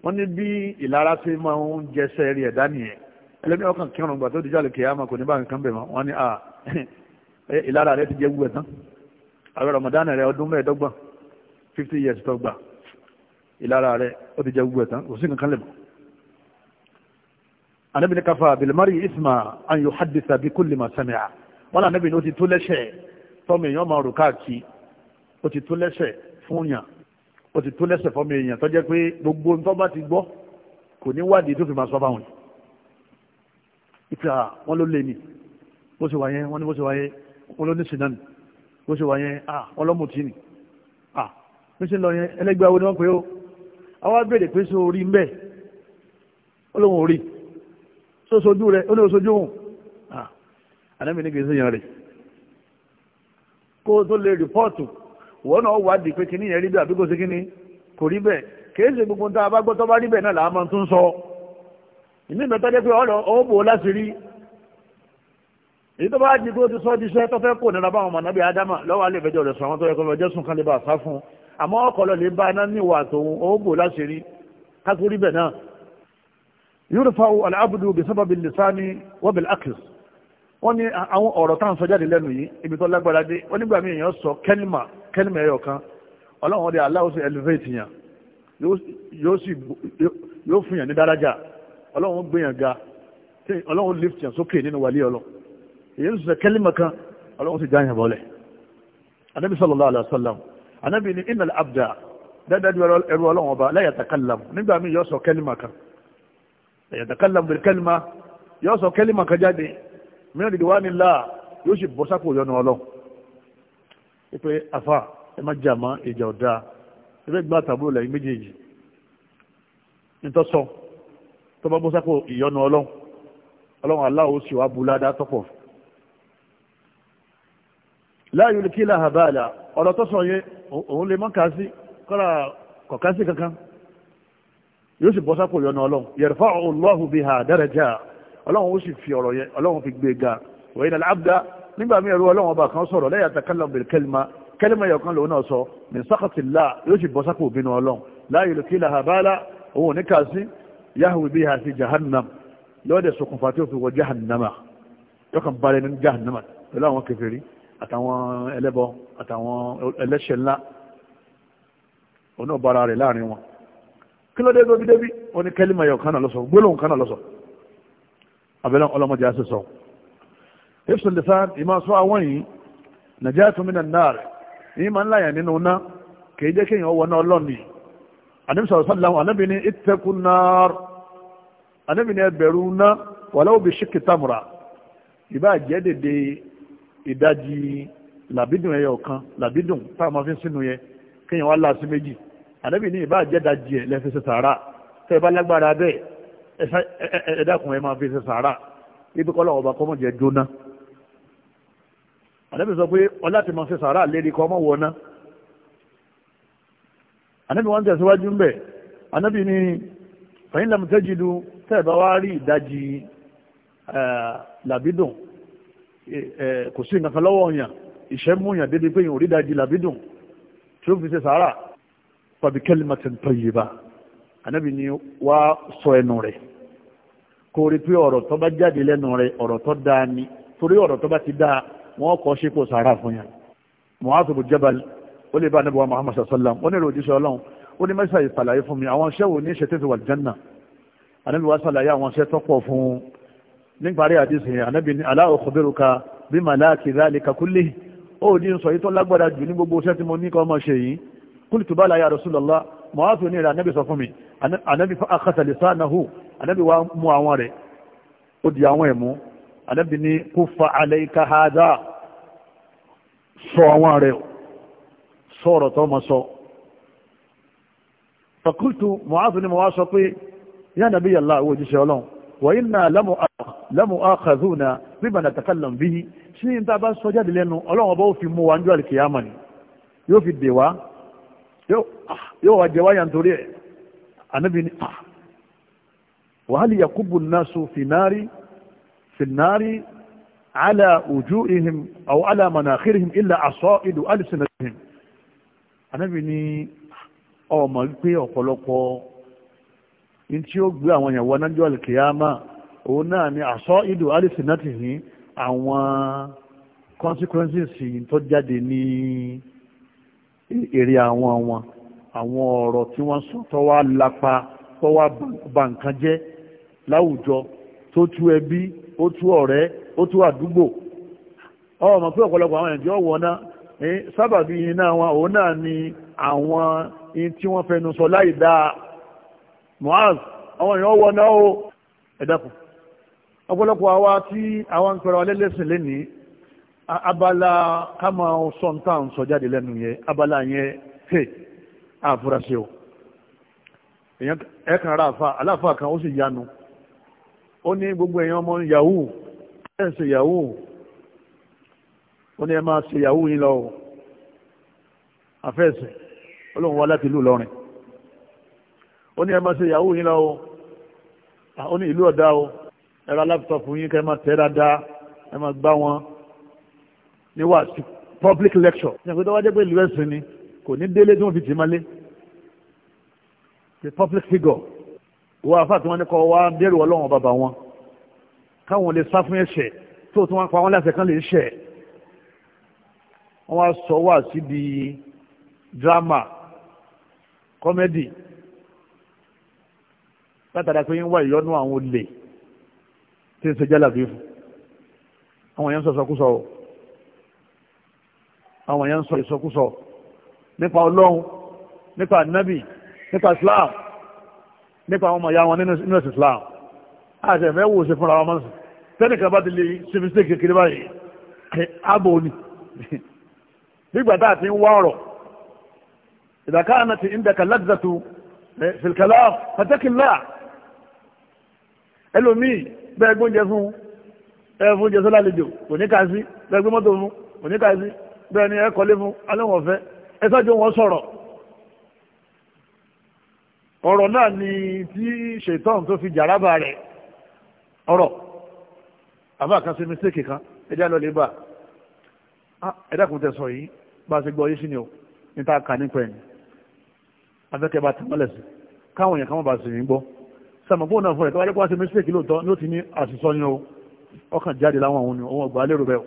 wọ́n ní bí ìlara sí máa ń jẹsẹ̀ rí ẹ̀dá nìyẹn ẹlẹ́mi ọkàn kírun gbà tó dijọ́ àlèkè àmà kò ní bá nǹkan bẹ̀ mọ́ wọ́n ní ìlara rẹ ti jẹ́ gbogbo ẹ̀tán àwọn Ramadan rẹ ọdún mẹ́ẹ̀ẹ́dọ́gbọ̀n fifty years tó gbà ìlara rẹ ó ti jẹ́ gbogbo ẹ̀tán kò sí nǹkan lè mọ́. anabi ní kafa bilimari isma an yu hadisa bi kulli ma sami'a wọn náà níbi ní ó ti tó lẹ́sẹ̀ tọ́mọ èèyàn máa rò káàkiri ó ti tó lẹ́sẹ̀ fún yàn ó ti tó lẹ́sẹ̀ fọ́mọ èèyàn tó pé gbogbo ntọ́ bá ti gbọ́ kò ní wádìí tó fi máa sọ fáwọn yìí ìpè à ah, ló lé ní bó ṣe wà yẹn wọ́n bó ṣe wà yẹn ló ní sinani ah, bó ṣe wà yẹn à ọlọ́mùtí ni ah, bí ṣe lọ yẹn ẹlẹ́gbẹ́ awo ni wọ́n pè ó àwa béèrè pé ṣe orí ń bẹ̀ ó ò rí ṣó sojú rẹ ó ní sojú òun à ní kì yẹn rè kó o tó lè rìpọ́ọ̀tù wọ́n náà wádìí pé kíní yẹn rí bẹ́ẹ̀ àbí kò sí kíní kò rí bẹ́ẹ̀ kì ṣe gbogbo tá a bá gbọ́ tó bá rí bẹ́ẹ̀ náà làá máa tún sọ ìmí ìmẹ́tọ́ jẹ́ pé ọ̀rọ̀ ó bò láti rí èyí tó bá jí tó ti sọ di iṣẹ́ tó fẹ́ kò nira báwọn mọ̀nàbí ádámà lọ́wọ́ alẹ́ ìfẹ́jọ́ rẹ̀ sọ àwọn tó yẹ kọ́ jẹ́sùn kan lè bá sá fún àmọ́ ọkọ̀lọ́ lè bá iná níwà tòun ó bò láti rí kásórí bẹ̀ náà yúrùfà alábùdù bí sábàbí lisani wọ́bìl akis wọ́n ní àwọn ọ̀rọ̀ táwọn sọ jáde lẹ́nu yìí ibi tó lágbára dé wọ́n nígbà míì èèyàn sọ kẹ́lìmà kẹ́lìmà ẹ̀yọ̀ kan ọlọ́run ọdẹ aláwọ̀ sí elevate yàn yóò sì yóò fìyàn ní dárájà ọlọ́run gbìyàn ga ọlọ́run lift yàn sókè nínú wàlí ọlọ́ èyí sọ kẹ́límà kan ọlọ́run ti já yàn bọ́lẹ̀ anábì sallallahu alaihi wasallam anábì ní innal abda dáadáa ẹrú ọlọ́run ọba la yatakallamu nígbà míì yọ sọ kẹ́límà kan la yatakallamu bil yọ sọ kẹ́límà kan jáde mìíràn dìde wá ní láà yóò sì bọ́ sápò yọnu ọlọ́run ipe afa ẹ má jà má ìjà ọ̀dà ẹgbẹ́ gbá tàbúrò tó bá bọ́ sápò ìyọnu ọlọ́run ọlọ́run aláwo sì wá bu ládá tọ́pọ̀ láàyò lè kí ilà àbáàlà ọ̀rọ̀ tó sọ yẹn òun lè má kà á sí kọ́ra kọ̀ọ̀ká sí kankan yóò sì bọ́ sápò ìyọnu ọlọ́run yarfa'u Allahu biha daraja ọlọ́run ó sì fi ọ̀rọ̀ yẹn ọlọ́run fi gbé ga wẹ̀yìn alábdá nígbà mí ẹ̀rú ọlọ́run ọba kan sọ̀rọ̀ lẹ́yìn àtàkàlọ̀ bẹ̀rẹ̀ kẹlima kẹlima yọ̀ kan lòun náà sọ ní sákàtìlá yóò sì bọ́ sápò òbínú ọlọ́run láàyò lè kí òun ò ní kà sí yahwi biha sí jahannam lọ́dẹ̀ ṣokùnfà tí ó fi wọ jahannama yọkàn balẹ̀ ní jahannama pẹ̀lú àwọn kèfèrí àtàwọn ẹlẹ́bọ àtàwọn ẹlẹ́ṣẹ̀ ńlá oná bara rẹ̀ láàrin wọn kí ló dé tó bídébí ó ní kẹ́límà yọ kánà lọ́sọ̀ gbólóhùn kánà lọ́sọ̀ abẹ́lẹ́ ọlọ́mọdé á sì sọ ifsun lisan ìmọ̀ sọ àwọn yìí najatun minan nar yìí máa ń láyà nínú ná kì í jẹ́ kéèyàn wọ náà lọ́nìí àdìmísọ̀rọ̀ sọ́lá wọn anábìíní ittaqun nar anábì ní ẹbẹ̀rù ná wàláwò bí ṣíkì tamura ìbá jẹ́ dèdè ìdajì làbídùn ẹyọ kan làbídùn táwọn máa fi sínú yẹ kéèyàn wá láàsí méjì anábì ní ìbá jẹ́ dajì ẹ̀ lẹ́fi ṣe sàárà tẹ́ ẹ bá lágbára bẹ́ẹ̀ ẹ dákun ẹ máa fi ṣe sàárà ibi kọ́ lọ́wọ́ bá kọ́ mọ̀ jẹ́ jóná anábì sọ pé ọlá ti máa ṣe sàárà lérí kọ́ mọ̀ wọná anábì wọn tẹ̀síwájú ń bẹ̀ anábì ní fẹ̀yìn lamùtẹ́jìlú tẹ́ẹ̀bá wá rí ìdajì làbídùn kò sí nǹkan lọ́wọ́ òyàn ìṣẹ́mú òyàn débi pé òrí ìdajì làbídùn tí ó fi ṣe sàárà pàbí kalimatin tayyiba anábì ni wá sọ ẹnu rẹ̀ kó rí pé ọ̀rọ̀ tó bá jáde lẹ́nu rẹ̀ ọ̀rọ̀ tó dáa ni torí ọ̀rọ̀ tó bá ti dáa wọ́n kọ́ ṣe sàárà fún yàn Mu'adh Jabal ó lè bá anábì wa Muhammad sallam wọ́n ní ìròyìn ó ní mẹ́sà ìsàlàyé fún mi àwọn iṣẹ́ wo ní ṣe tẹ́fẹ̀ wàlìjánà anábì wá sàlàyé àwọn iṣẹ́ tọ́pọ̀ fún níparí àdísì anábì ní alā ukhbiruka bi malāki dhālika kullihi ó ní sọ yí tó lágbára jù ní gbogbo iṣẹ́ tí mo ní kọ́ ọmọ ṣe yìí qultu bala ya Rasulullah mọ̀ wá fún ní rẹ̀ anábì sọ fún mi anábì fakultu mu'azu ni mo wá sọ pé ya nabi yàlla owó ojúṣe ọlọ́run wa inna lamu akhazuna bima natakallam bihi sí ní tá a bá sọ jáde lẹ́nu ọlọ́run ọba ó fi mú wa ń jọ àlìkìyàmà ni yóò fi dè wá yóò ah, wá jẹ wáyà nítorí ẹ̀ anabi ni ah wàhálì yakubu nasu finari finari ala wujuhihim aw ala manakhirihim illa asaidu alsinatihim anabi ni ọmọ wípé ọ̀pọ̀lọpọ̀ ní tí ó gbé àwọn ìyàwó anájọ́ alìkìyàmá òun náà ni àṣọ ìdò alìsìnàtì ní àwọn consequences tó jáde ní èrè àwọn wọn àwọn ọ̀rọ̀ tí wọ́n sọ tó wá lapa tó wá ba nǹkan jẹ́ láwùjọ tó tú ẹbí ó tú ọ̀rẹ́ ó tú àdúgbò ọmọ pé ọ̀pọ̀lọpọ̀ àwọn ẹ̀jọ́ wọná Eh, sábàbí iná wọn òun náà ni àwọn in tí wọ́n fẹnu sọ láì dáa Muaz àwọn èèyàn wọ náà ó ẹ̀dàkùn ọ̀pọ̀lọpọ̀ àwa tí àwọn ń pẹ̀rọ alẹ́lẹ́sìn lénìí abala ká máa sọ ń sọ jáde lẹ́nu yẹn abala yẹn hey àfúrásì o èèyàn ẹ̀kan ara àfa aláfa kan ó sì yanu ó ní gbogbo èèyàn ọmọ yahoo ẹ̀ ń ṣe yahoo ó ní ẹ máa ṣe ìyàwó yín lọ àfẹ́sẹ̀ olóhùn wa láti ìlú lọrin ó ní ẹ máa ṣe ìyàwó yín lọ ó ní ìlú ọ̀dá o ẹ ra láptọ̀pù yín kẹ́ ẹ máa tẹ́ dáadáa ẹ máa gbá wọn ní wàásù public lecture ní àgbẹ̀dọ́ wájẹ́ pé ìlú ẹ̀sìn ni kò ní délé tí wọ́n fi tì í malé the public figure wọ́n afá tí wọ́n ní kọ́ wá bẹ̀rù ọlọ́run bàbá wọn káwọn lè sá fún ẹ̀ṣẹ̀ tó tí wọ́n pa wọ́n láṣẹ kan lè ṣẹ̀ wọ́n wá sọ wá síbi drama comedy. látara pé ń wá ìyọ́nú àwọn olè tí ń ṣe jálàbí fún àwọn èèyàn ń sọ sọkúsọ o àwọn èèyàn ń sọ ìsọkúsọ nípa ọlọ́run nípa nabi, nípa islam nípa àwọn ọmọ ìyá wọn nínú ẹ̀sìn islam àti ẹ̀fẹ́ wò ṣe fúnra wọn mọ́sán tẹ́nìkan bá ti lè ṣe mistake kékeré báyìí ààbò ni nígbà tá a ti ń wá ọ̀rọ̀ ìdàká àná ti ń dẹ̀ka ladzatu fìlkàlá pàtẹ́kìlá ẹlòmíì bẹ́ẹ̀ gbóúnjẹ fún ẹ fún jẹ sọ́lálejò kò ní ká sí bẹ́ẹ̀ gbé mọ́tò fún kò ní ká sí bẹ́ẹ̀ ni ẹ kọ́lé fún aláwọ̀ fẹ́ ẹ sáájú wọn sọ̀rọ̀ ọ̀rọ̀ náà ni tí ṣètọ́n tó fi jàrábà rẹ̀ ọ̀rọ̀ àbá kan sí mistake kan ẹjá lọ lè bá ah, ẹ̀dá kùn tẹ̀sán yìí bá a ṣe gbọ́ yìí sí ni o ní tá a kà nípa ẹ̀yìn afẹ́kẹ́ bá tẹ̀mọ́lẹ̀ sí káwọn èèyàn káwọn bá sì ní gbọ́ sàmọ̀gbọ́n náà fún rẹ̀ tó wáyé kó wá sí mistake lóòótọ́ ló ti ní àṣìṣọ́ ni o ọkàn jáde láwọn òun ni òun ọgbà lérò bẹ́ẹ̀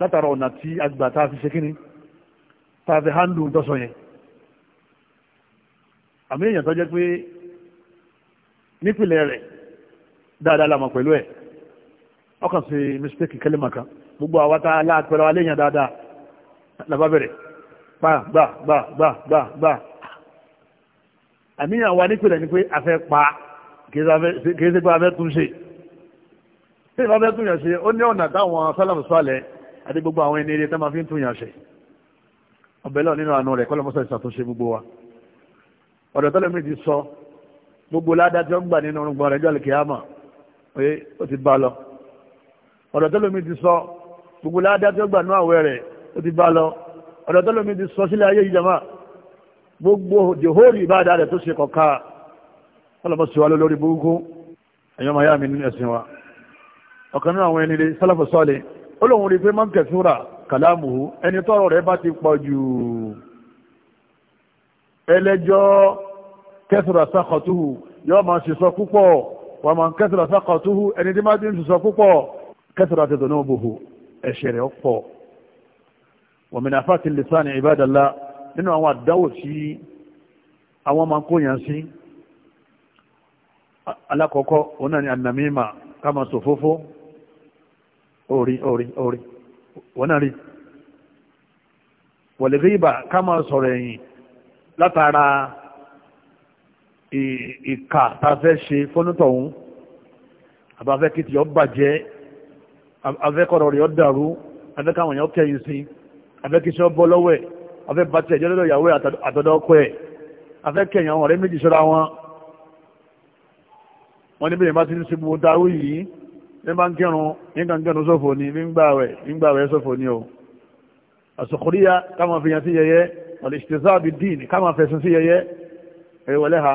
látara ọ̀nà tí agbà tá a fi ṣe kíní tá a fi hándù ń yẹn àmì èèyàn tó jẹ́ pé nípìnlẹ̀ rẹ̀ dáadáa lámọ̀ pẹ̀lú ẹ̀ ọkàn sí mistake kẹlẹ́màkan gbogbo àwa tá a láàpẹ̀rẹ̀ wa léèyàn dáadáa làbá bẹ̀rẹ̀ pa gbà gbà gbà gbà gbà àníyàn wa nípìnlẹ̀ ni pé a fẹ́ pa kì í ṣe pé a fẹ́ tún ṣe tí ìbá fẹ́ tún yàn ṣe ó ní ọ̀nà táwọn sálàmù sálẹ̀ àti gbogbo àwọn ẹni eré tó máa fi ń tún yàn ṣe ọ̀bẹ̀ lọ nínú àánú rẹ̀ kọ́ lọ́mọ́sọ̀ ìṣàtúnṣe gbogbo wa ọ̀dọ̀ tọ́lẹ̀ mi ti sọ gbogbo ládá tí ó ń gbà nínú orúngbọ̀n rẹ̀ jọ́lẹ̀ kìámà pé ó ti bá lọ ọ̀dọ̀ tọ́lẹ̀ mi ti sọ gbogbo ládá tí ó gbà nínú àwẹ̀ rẹ̀ ó ti bá lọ ọ̀dọ̀ tó lómi ti sọ sílẹ̀ ayé ìjàmá gbogbo jòhóòrì ìbáadà rẹ̀ tó ṣe kọ̀ọ̀ká ọlọ́mọ sí wa lórí burúkú ẹ̀yọ́ máa yá mi nínú ẹ̀sìn wa ọ̀kan nínú àwọn ẹnire sálàfù sọ́ọ̀lẹ̀ ó lóun rí pé máa ń kẹ̀síwúrà kàlámùhù ẹni tọ́rọ rẹ̀ bá ti pọ̀ jù ẹlẹ́jọ́ kẹsìrà sákọ̀túhù yọ́ máa ṣiṣọ́ púpọ̀ wà máa kẹsìrà sákọ̀túhù ẹni tí máa ti ń ṣiṣọ́ púpọ̀ kẹsìrà tẹ̀tọ̀ náà bòhù ẹ̀ṣẹ̀ rẹ̀ pọ̀ wọ̀mìnà fàtí lìsáàni ìbádàlá nínú àwọn àdáwò tí àwọn máa ń kóyàn sí alákọ̀ọ́kọ́ òun náà ni ànàmímà ká máa sòfófó orí orí orí wọ́n náà rí wọ̀lẹ̀gíbà ká máa sọ̀rọ̀ ẹ̀yìn látara ìkà tá a fẹ́ ṣe fónútọ̀ òun àbáfẹ́ kìtì ọ bàjẹ́ afẹ́kọ̀rọ̀ rẹ̀ ọ dàrú afẹ́kàwọn èèyàn kẹ́yìn sí i afẹ́kíṣẹ́ bọ́ lọ́wọ́ ẹ̀ afẹ́ bàtí ẹ̀jọ́ lọ́dọ̀ ìyàwó àtọ̀dọ̀ ọkọ ẹ̀ afẹ́ kẹ̀yàn àwọn ọ̀rẹ́ méjì sọ́ra wọn wọ́n ní bí ìbá ti ń síbu dáwó yìí ní bá ń kírun ní kankanú sófò ní gbígbàwẹ̀ gbígbàwẹ̀ sófò ní o àsòkòríyá káma fi yàn sí yẹyẹ wọ́n lè ṣètò bí dín káma fẹ̀sùn sí yẹyẹ ẹ̀rẹ̀ wọlé ha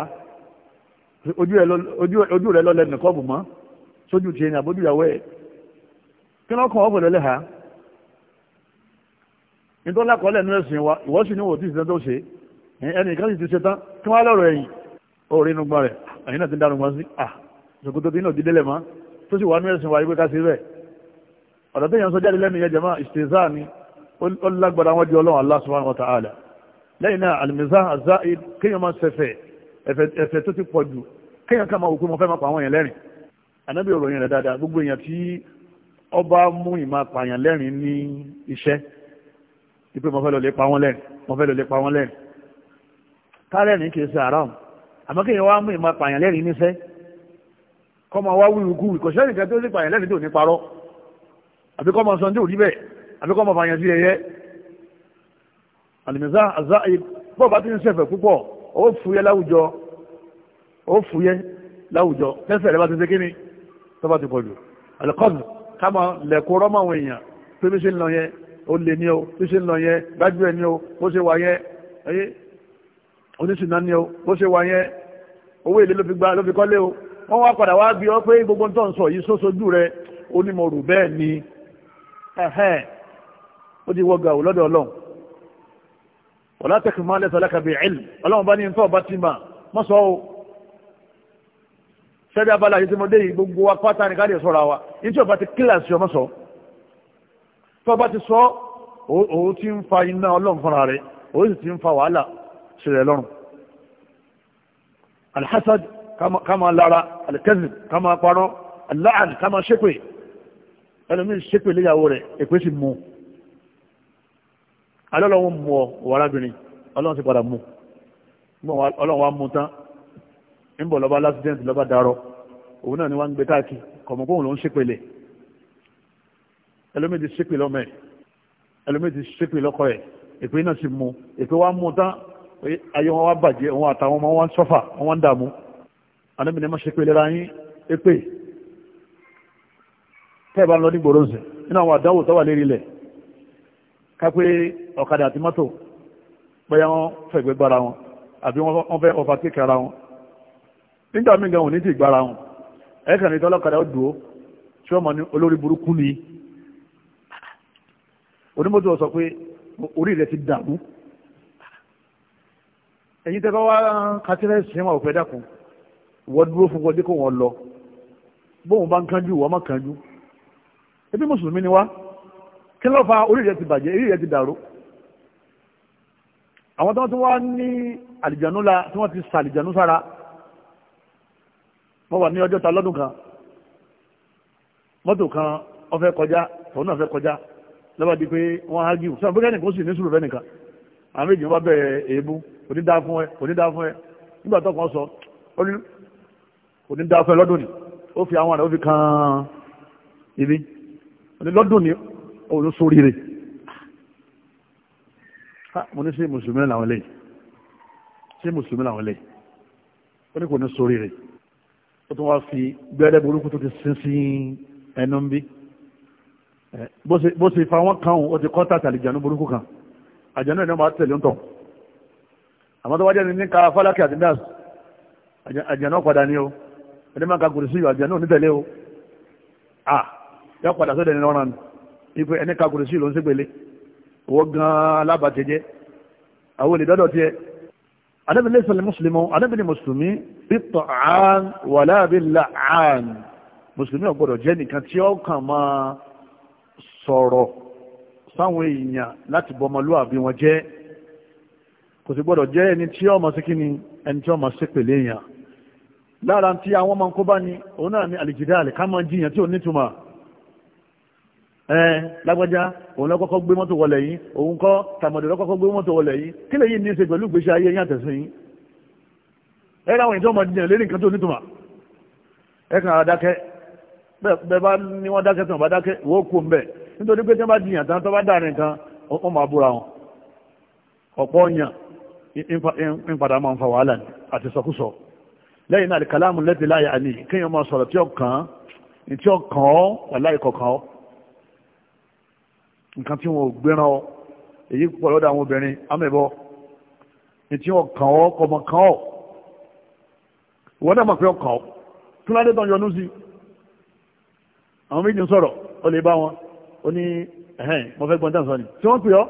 ojú rẹ̀ lọ́lẹ̀ nìkọ́ bù mọ́ sójú tiẹ̀ ní àbójú ìyàwó ẹ̀ kí wọ́n kàn wọ́n pẹ̀lú ẹlẹ́ha nítorí lákọọ́lẹ̀ nínú ẹ̀sìn wa ìwọ sì ní wò tí ìsìn tó ṣe ẹnìkan sì ti ṣe tán kí wọ́n á lọ́rọ̀ ẹ̀yìn ó rí inú gbọ́n rẹ̀ ẹ̀yìn náà ti ń dánu gbọ́n sí à ṣòkòtò tí inú òdí mọ́ tó sì wà nínú ẹ̀sìn wa yí pé ká sí bẹ́ẹ̀ ọ̀dọ̀ tó yẹn sọ jáde lẹ́nu yẹn jẹ̀mọ́ ìṣèṣá ni ó lágbára wọn di ọlọ́run Allah subhanahu wa ta'ala lẹ́yìn náà al-mizah az-za'id kéèyàn máa ṣẹfẹ̀ ẹ̀fẹ̀ tó ti pọ̀ jù kéèyàn ká máa wò pé mo fẹ́ máa pa àwọn èèyàn lẹ́rìn ànábì ọ̀rọ̀ yẹn rẹ̀ dáadáa gbogbo èèyàn tí ọba mú ìmọ̀ apààyàn lẹ́rìn ní iṣẹ́ ipe mo fẹ́ lọ lè pa wọ́n lẹ́rìn mo fẹ́ lọ lè pa wọ́n lẹ́rìn kárẹ́rìn kìí ṣe àràm àmọ́ kí èèyàn wá mú ìmọ̀ pààyàn lẹ́rìn níṣẹ́ kọ́ máa wá wíwú kúwì kò sẹ́rìn kan tó sì pààyàn lẹ́rìn tó ní parọ́ àbí kọ́ máa sọ ní òrí bẹ́ẹ̀ àbí kọ́ máa pààyàn sí ẹyẹ àlùmíṣà àzá bọ́ọ̀ bá ti ń ṣẹ̀fẹ̀ púpọ̀ ó fúyẹ́ láwùjọ ó fúyẹ́ láwùjọ tẹ́sẹ̀ rẹ bá ti ṣe kíni tó bá ti pọ̀ jù àlùkọ́ọ̀nù ká máa àwọn èèyàn pé ó lè ní o tí ṣe ń lọ yẹn gbájú ẹ̀ ní o bó ṣe wà yẹn ẹyẹ oníṣìná ní o bó ṣe wà yẹn owó èlé ló fi gba ló fi kọ́lé o wọ́n wá padà wá bí ọ pé gbogbo tó ń sọ yìí sóṣojú rẹ ó ní bẹ́ẹ̀ ni ó ti wọ gàù lọ́dọ̀ ọlọ́run ọ̀lá tẹkùn máa lẹ́sọ̀ alákàbí ẹ̀ẹ́lì ọlọ́run bá ní ntọ́ bá ti mà mọ́ sọ o sẹ́dí abala yìí tí mo dé yìí gbogbo apáta ni ká sọ̀rọ̀ wa ní tí ọba ti kíláàsì ọmọ sọ̀rọ̀ tó bá ti sọ òun ti ń fa iná ọlọ́run fúnra rẹ̀ òun sì ti ń fa wàhálà sílẹ̀ lọ́rùn alhassad kama lara alkazib kama parọ́ aláàn kama ṣépè ẹlòmíì ṣépè léyàwó rẹ̀ èpè sì mú alọ́lọ́wọ́ mú ọ wàrábìnrin ọlọ́run sì padà mú ọlọ́run wa mú tán ń bọ̀ lọ́ba lásìdẹ́ntì lọ́ba darọ́ òun náà ni wọ́n ń gbé káàkiri kọ̀mọ̀kóhùn ló ń ṣépè lẹ̀ ẹlòmíì ti ṣépè lọ́mọ ẹ̀ ẹlòmíì ti ṣépè lọ́kọ ẹ̀ èpè náà sì mú èpè wa mú tán ayé wọn wá bàjẹ́ wọn àtàwọn ọmọ wọn sọ́fà wọn wá ń dààmú ànábì ní ma ṣépè lera yín èpè tẹ́ ẹ bá ń lọ ní gbòòrò ṣe nínú àwọn àdánwò tó wà lérí ilẹ̀ kápé ọ̀kadà àti mọ́tò bóyá wọ́n fẹ̀gbẹ́ gbára wọn àbí wọ́n fẹ́ ọfà kékeré ara wọn nígbà míì gan òní ti gbára wọn ẹ̀ẹ́kàn ní tọ́lọ́kadà ó dùn ó tí wọ́n mọ̀ ní olórí burúkú ni onímọ́tò sọ pé orí rẹ̀ ti dàrú ẹ̀yin tẹ́ bá wá kátírẹ́ sinimá òfẹ́ dàkún wọ́n dúró fún wọn díkò wọn lọ bóun bá ń kánjú wọ́n má kánjú ebi mùsùlùmí ni wá kí ló fa orí rẹ̀ ti bàjẹ́ orí rẹ̀ ti dàrú àwọn tó wá ní àlìjànú la tí wọ́n ti sa àlìjànú sára wọ́n wà ní ọjọ́ ta lọ́dún kan mọ́tò kan ó kọjá tòun náà fẹ́ kọjá lọ́ba di pé wọ́n á gíw sọ pé kẹ́nìkan sì ní sùúrù nìkan àwọn méjì wọn bá èébú kò ní dá fún ẹ kò ní dá fún ẹ nígbà tó kàn sọ ó ní kò ní dá fún ẹ lọ́dún ni ó fi àwọn àrẹ ó fi kan ibi lọ́dún ni òun sórí rẹ̀ mo ní sí mùsùlùmí làwọn lè sí mùsùlùmí làwọn lè ó ní kò ní sórí rẹ̀ ó tún wá fi gbẹ́rẹ́ burúkú tó ti sin ẹnu ń bí bó ṣe fa wọn kan ó ti kọ́ tàtà àlìjànú burúkú kan àjànú ẹ̀ náà máa tẹ̀lé ń tọ̀ àmọ́ tó wájẹ́ ni ní ka fálákì àti nas àjànú padà ní o ẹni máa ka kùrìsí ìlú àjànú nítẹ̀lé o à yọ padà sódẹ̀ nínú ọ̀ràn ipe ẹni ka kùrìsí ìlú ń ṣègbèlé owó gan-an alábàtẹ́ jẹ́ àwọn olè dọ́dọ̀ tiẹ̀ anábì lè sọ̀lẹ̀ mùsùlùmí anábì ni mùsùlùmí bí tọ̀án wàlábì làán mùsùlùmí ò gbọ́dọ̀ jẹ́ nìkan tí ó kàn máa sọ̀rọ̀ sáwọn èèyàn láti bọmọlúwàbí wọn jẹ́ kò sì gbọ́dọ̀ jẹ́ ẹni tí ọmọ sí kí ni ẹni tí ọmọ sí pèlè èèyàn lára tí àwọn ọmọ kó bá ní òun náà ní àlìjìdá àlè ká máa jiyàn tí ò nítumọ̀ ẹ lágbájá òun lọ́kọ́kọ́ gbé mọ́tò wọlé yìí òun kọ́ tàmọ̀dé lọ́kọ́kọ́ gbé mọ́tò wọlé yìí kí lè yìí ní í ṣe pẹ̀lú ìgbésí ayé yín àtẹ̀sìn yín ẹ láwọn ìjọ jiyàn lérí nǹkan tó nítumọ̀ ẹ kàn á dákẹ́ bẹ́ẹ̀ bá ní wọ́n dákẹ́ tí wọ́n bá dákẹ́ wọ́n kú ń bẹ́ẹ̀ nítorí pé tí wọ́n bá jiyàn tán tó bá dà nìkan ó máa búra wọn ọ̀pọ̀ yàn ń padà máa ń fa wàhálà àti sọkúsọ lẹ́yìn náà kàlámù lẹ́tì láyà àní kéèyàn máa sọ̀rọ̀ tí ọkàn tí ọkàn ọ́ wà láì kọ̀kan ọ́ nǹkan tí wọn ò gbéra ọ èyí pọ̀ lọ́dọ̀ àwọn obìnrin amẹ́bọ tí ọkàn ọ́ kọmọ kan ọ́ ìwọ́n náà mọ̀ pé ọkàn ọ́ kí ládé tán yọnú sí àwọn méjì ń sọ̀rọ̀ ọ lè bá wọn oní ní ẹ̀hẹ́n mo fẹ́ gbọ́n dáhùn sọ ni tí wọ́n pè ọ́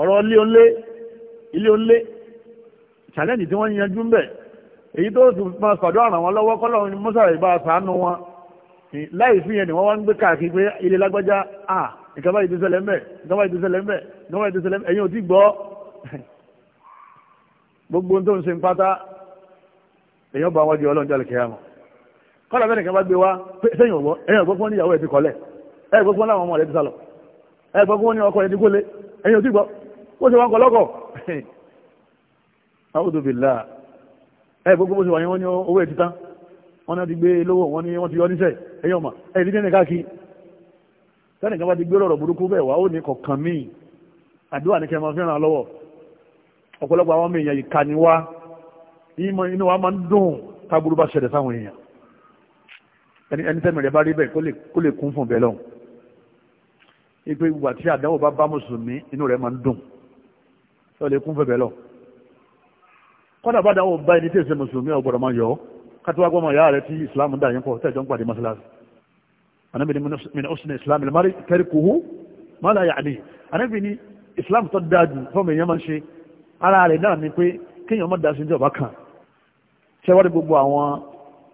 ọ̀rọ̀ ilé onílé ilé onílé challenge tí wọ́n yanjú ń bẹ̀ èyí tó ti máa sọ̀dọ̀ àràn wọn lọ́wọ́ kọ́lọ́ mọ́sàrà ìbá sàánú wọn láì fi yẹn ni wọ́n wá ń gbé káàkiri pé ilé lágbájá à ìkàbá ìdísẹ́lẹ̀ ńbẹ̀ ìkàbá ìdísẹ́lẹ̀ ńbẹ̀ ìkàbá ìdísẹ́lẹ̀ ńbẹ̀ ẹ̀yin ò ti gbọ́ gbogbo tó ń ṣe ń pátá èèyàn bá wájú ọlọ́njọ́ àlùkìyàmọ̀ kọ́lá bẹ́ẹ̀ nìkan bá gbé wá sẹ́yìn ọ̀gbọ́ ẹ̀yìn ọ̀gbọ́ fún níyàwó ẹ̀ ti kọ́lẹ̀ ẹ̀ gbọ́ fún láwọn ọmọ rẹ̀ ti sálọ ẹ̀ gbọ́ fún ní ọkọ ẹ̀ ti kólé ẹ̀yìn òtí gbọ́ bó ṣe wọn kọ lọ́kọ̀ a'udhu billah ẹ̀ gbọ́ bó ṣe wà yẹn wọ́n ní owó ẹ̀ ti tán wọ́n náà ti gbé lówó wọ́n ní wọ́n ti yọ níṣẹ́ ẹ̀yìn ọmọ ẹ̀ ti dẹ́nìká kí sẹ́nìkan bá ti gbé lọ́rọ̀ ẹni tẹ́mi rẹ̀ bá rí bẹ́ẹ̀ kó lè kún fún bẹ́ẹ̀ lọ́hùn ipe ìgbà tí àdánwò bá bá mùsùlùmí inú rẹ̀ máa ń dùn tó lè kún fún bẹ́ẹ̀ lọ kọ́dà bá dáwò bá ẹni tí èsè mùsùlùmí ọgbọ̀dọ̀ máa yọ ọ́ kátówá gbọ́mọ̀ ìyá rẹ̀ tí islam dà yín pọ̀ tẹ́jọ́ ń pàdé mọ́sálásì anábì ni min usni ìsìlámù lè mari tarikuhu ma la tó dáa fọ́ọ̀mù èèyàn máa ń ṣe ara rẹ̀ náà ni pé kéèyàn má da sí ìjọba kan ṣẹ́wárí gbogbo àwọn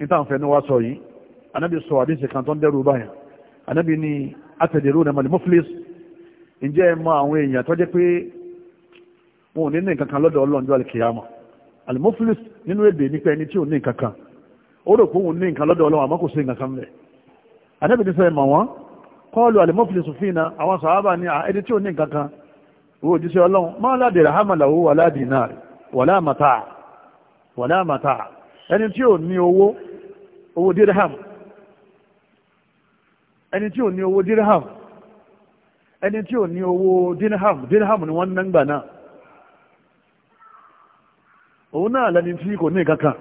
ìtànfẹ́ ni wá sọ yìí anábì sọ àdíṣe kan tó ń dẹ́rù báyà anábì ni atẹ̀dẹ̀rú nàmàlì muflis ǹjẹ́ ẹ mọ àwọn èèyàn tó jẹ́ pé wọn ò ní ní nǹkan kan lọ́dọ̀ ọlọ́njọ́ alìkìyàmà alimuflis nínú èdè nípa ẹni tí ò ní nǹkan kan ó rò pé òun ní nǹkan lọ́dọ̀ ọlọ́wọ́ àmọ́ kò sí nǹkan kan mẹ́ anábì ní sọ ẹ mọ̀ wọ́n kọ́ọ̀lù alimuflis fínà àwọn sàhábà ní ẹni tí ò ní nǹkan kan owó òjíṣẹ́ ọlọ́run máa ládè rahamalawo wàlá dinar wàlá mataa wàlá mataa ẹni tí ò ní owó owó dirham ẹni tí ò ní owó dirham ẹni tí ò ní owó dirham dirham ni wọ́n ń nàgbà náà òun náà lẹni tí kò ní kankan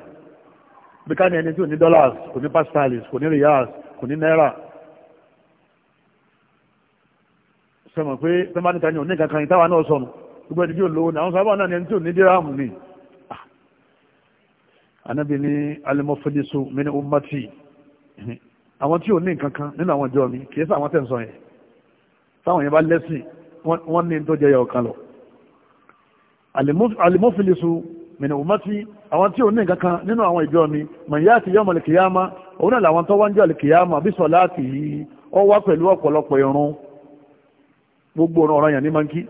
bí ká ní ẹni tí ò ní dollars kò ní pastalis kò ní riyals kò ní náírà sọmọ pé tẹ́mbà níta ni ò ní kankan ìtawà náà sọnù gbogbo ẹni tí ò lówó ní àwọn sábà náà ni ẹni tí ò ní dirham ni anabi ni alimofilisu mini umati àwọn tí ò ní nǹkan kan nínú àwọn ìjọ mi kì í sáwọn tẹ̀sán yẹn táwọn yẹn bá lẹ́sìn wọ́n ní tó jẹyọ kan lọ alimofilisu mìnà umati àwọn tí ò ní nǹkan kan nínú àwọn ìjọ mi mọ̀nyá àti yọmọ alìkìyàmá òun náà làwọn tó wá ń jẹ́ alìkìyàmá bí sọ láti yìí ọ wá pẹ̀lú ọ̀pọ̀lọpọ̀ irun gbogbo ọ̀ranyàn ní mọ́ńkì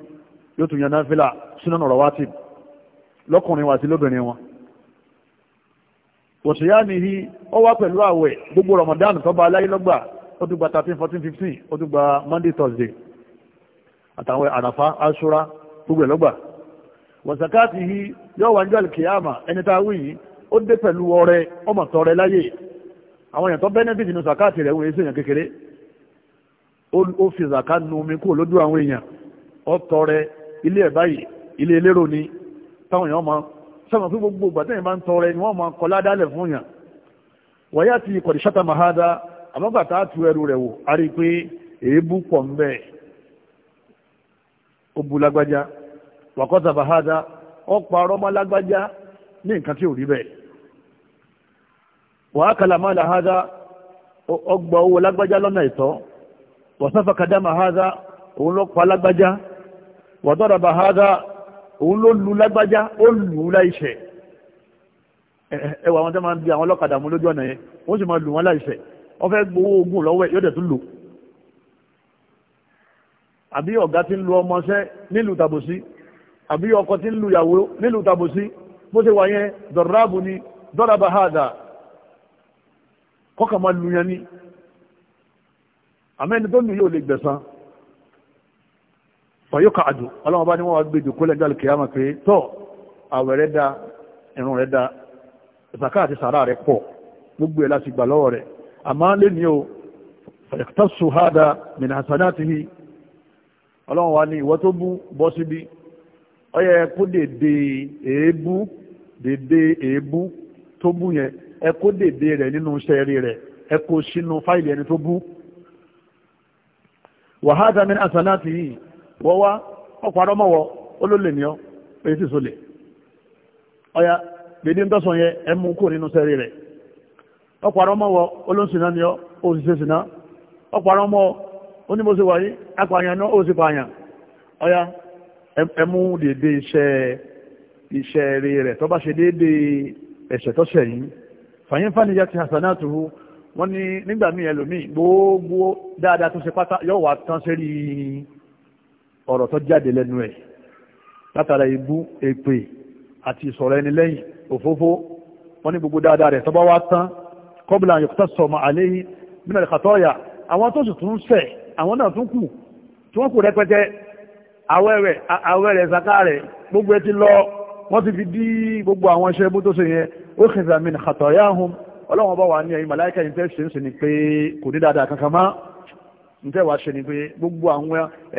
yóò tún yan náfìlà sínú ọ̀rọ̀ wá ti lọ́kùnrin wa àti lóbìnrin wọn wọ̀sùyá ni hí ó wá pẹ̀lú àwẹ̀ gbogbo Ramadan tó bá aláyé lọ́gbà ó tún 13 14 15 ó tún Monday Thursday àtàwọn àràfá aṣúra gbogbo ẹ̀ lọ́gbà wọ̀sàkáàtì hí yóò wá níjọ́ alkiyama ẹni tá a wí yìí ó dé pẹ̀lú ọrẹ ọmọ tọrẹ láyé àwọn èèyàn tó benefit nínú sàkáàtì rẹ̀ wọ́n èsì èèyàn kékeré ó fi zàká nu omi kúrò lójú àwọn èèyàn ó tọrẹ ilé ẹ̀ báyìí ilé elérò ni táwọn èèyàn máa sọ́mọ̀ fún gbogbo ìgbà tẹ́yìn ń tọrẹ ni wọ́n máa kọ ládálẹ̀ fún yàn wọ́yá ti kọ̀dí ṣátà mahada àmọ́gbàtà tu ẹrù rẹ̀ wò a rí i pé èébú pọ̀ ń bẹ́ẹ̀ ó bu lágbájá wàkọ́tà mahada ó parọ́ mọ́ lágbájá ní nǹkan tí ò rí bẹ́ẹ̀ wàá kàlà má làhádá ó gba owó lágbájá lọ́nà ìtọ́ wàsáfà kàdá mahada òun ló pa lágbájá wàdọ́rà mahada òun ló lu lágbájá ó lù ú láìṣẹ̀ ẹwà àwọn tó máa ń di àwọn ọlọ́kadà mú lójú ọ̀nà yẹn wọ́n sì máa lù wọ́n láìṣẹ̀ wọ́n fẹ́ gbowó ogun lọ́wọ́ ẹ̀ yóò dẹ̀ tún lò àbí ọ̀gá tí ń lu ọmọṣẹ́ nílùú tàbòsí àbí ọkọ tí ń lu ìyàwó nílùú tàbòsí bó ṣe wà yẹn dọ̀ráàbù ni dọ́ràbà hàdà kọ́kà lu yẹn ni àmẹ́ni tó lù yóò lè gbẹ̀san fàyókà àdù ọlọ́wọ́ bá ní wọ́n wá gbé jòkó lẹ́jọ́ alìkìyàmà pé tọ́ àwẹ̀ rẹ̀ da irun rẹ̀ da ìsàká àti sàrà rẹ̀ pọ̀ gbogbo ẹ̀ láti gbà lọ́wọ́ rẹ̀ àmọ́ lè ní o fẹ̀tà mìnà hasanatihi ọlọ́wọ́ wa wọ́n wá ọkọ̀ arọ́mọ́wọ́ olólè ni ọ́ èyí sì sólè ọ̀yà bèdí ń tọ́sàn yẹ ẹ mú kó nínú sẹ́rí rẹ̀ ọkọ̀ arọ́mọ́wọ́ olóńsìnà ni ọ́ òṣìṣẹ́ sìnà ọkọ̀ arọ́mọ́ onímọ̀ọ́sẹ̀ wáyé apààyàn náà ó sì pààyàn ọ̀yà ẹ mú dédé iṣẹ́ iṣẹ́ rẹ̀ tó bá ṣe dédé ẹ̀ṣẹ̀ tó ṣẹ̀ yìí fàyín fàníyà ti hasanatuhu wọ́n ní nígbà míì ẹlòmíì gbogbo dáadáa tó ṣe pátá yóò wà tán sérí ọ̀rọ̀ tó jáde lẹ́nu ẹ̀ látara ibú èpè àti ìsọ̀rọ̀ ẹni lẹ́yìn òfófó wọ́n ní gbogbo dáadáa rẹ̀ tọ́bá wá tán kọ́bùlà yọ̀kútà sọ̀mọ̀ àléyìn nínú ìkàtọ́ọ̀yà àwọn tó sì tún sẹ̀ àwọn náà tún kù tí wọ́n kù rẹpẹtẹ àwẹ̀ rẹ̀ sàká rẹ̀ gbogbo ẹ ti lọ wọ́n ti fi dí gbogbo àwọn iṣẹ́ ibú tó ṣe yẹn ó kìí sàmì ìkàtọ̀ọ̀yà hùn ọlọ́wọ́n bá wà ní ẹ̀yìn màláìkà yìí tẹ́ ṣe ń sìn ní pé kò ní dáadáa kankan máa ntẹ́ wàá ṣe ni pé gbogbo àwọn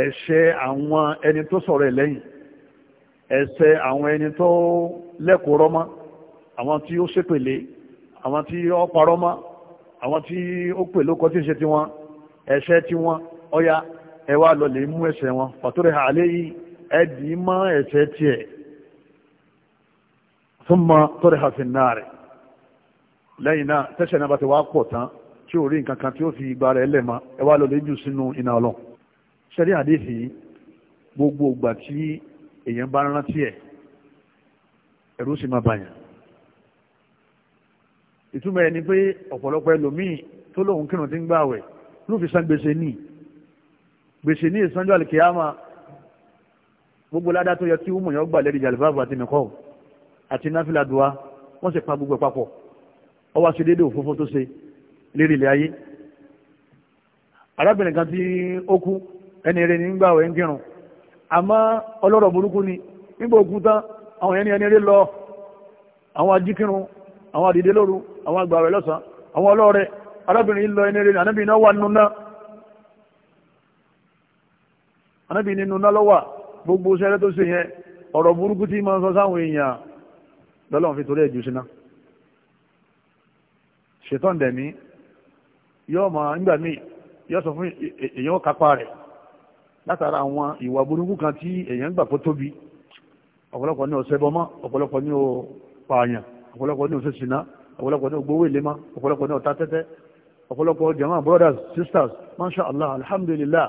ẹ̀ṣẹ̀ àwọn ẹni tó sọ̀rọ̀ ẹ̀ lẹ́yìn ẹ̀ṣẹ̀ àwọn ẹni tó lẹ́kọ̀ọ́ rọ́mọ́ àwọn tí ó ṣépèlé àwọn tí ó parọ́ mọ́ àwọn tí ó pè lóko tí ń ṣe tiwọn ẹ̀ṣẹ̀ tiwọn ọ̀ya ẹ wá lọ mú ẹ̀ṣẹ̀ wọn fàtúrẹ̀ àlẹ́ yìí ẹ mọ́ ẹ̀ṣẹ̀ tiẹ̀ fún mọ́ tọ́rẹ̀ àfin náà rẹ̀ lẹ́yìn náà tẹ́ṣẹ̀ náà bá ti wá pọ̀ tán tí ò rí nǹkan kan tí ó fi ìgbà rẹ̀ lẹ́ẹ̀ma ẹ wá lọ lójú sínú iná ọlọ́run ṣẹ́rí àdéhì gbogbo ìgbà tí èèyàn bá rántí ẹ̀ ẹ̀rú sì máa bàyàn ìtumọ̀ ẹni pé ọ̀pọ̀lọpọ̀ ẹlòmíì tó lóun kírun ti ń gbààwẹ̀ ló fi san gbèsè ní gbèsè ní ìsanjọ́ àlìkìyàmà gbogbo ládá tó yẹ kí wọ́n gbà lẹ́dí jàlùbáàbù àti nìkọ́ àti náfìlà wọ́n sì pa gbogbo ẹ̀ papọ̀ ọwọ́ àṣedédé òfófó tó ṣe lérí ilẹ̀ ayé arábìnrin kan tí ó kú ẹni eré ní gbàwẹ̀ ń kírun àmọ́ ọlọ́rọ̀ burúkú ni nígbà ogun tán àwọn ẹni ẹni eré lọ àwọn ajíkírun àwọn àdìdé lóru àwọn agbàwẹ̀ lọ́sàn àwọn ọlọ́rẹ̀ arábìnrin lọ ẹni eré ànábì iná wà nínú náà ànábì nínú náà gbogbo sẹ́rẹ́ tó ṣe yẹn ọ̀rọ̀ burúkú tí máa ń sọ sáwọn èèyàn yóò máa nígbà míì yóò sọ fún èèyàn kápá rẹ̀ látara àwọn ìwà burúkú kan tí èèyàn gbà kó tóbi ọ̀pọ̀lọpọ̀ ní ọ̀sẹ̀ bọ́mọ́ ọ̀pọ̀lọpọ̀ ní pààyàn ọ̀pọ̀lọpọ̀ ní òṣèṣìná ọ̀pọ̀lọpọ̀ ní ògbówó ìlémá ọ̀pọ̀lọpọ̀ ní ọ̀tá tẹ́tẹ́ ọ̀pọ̀lọpọ̀ jama brothers sisters masha allah alhamdulillah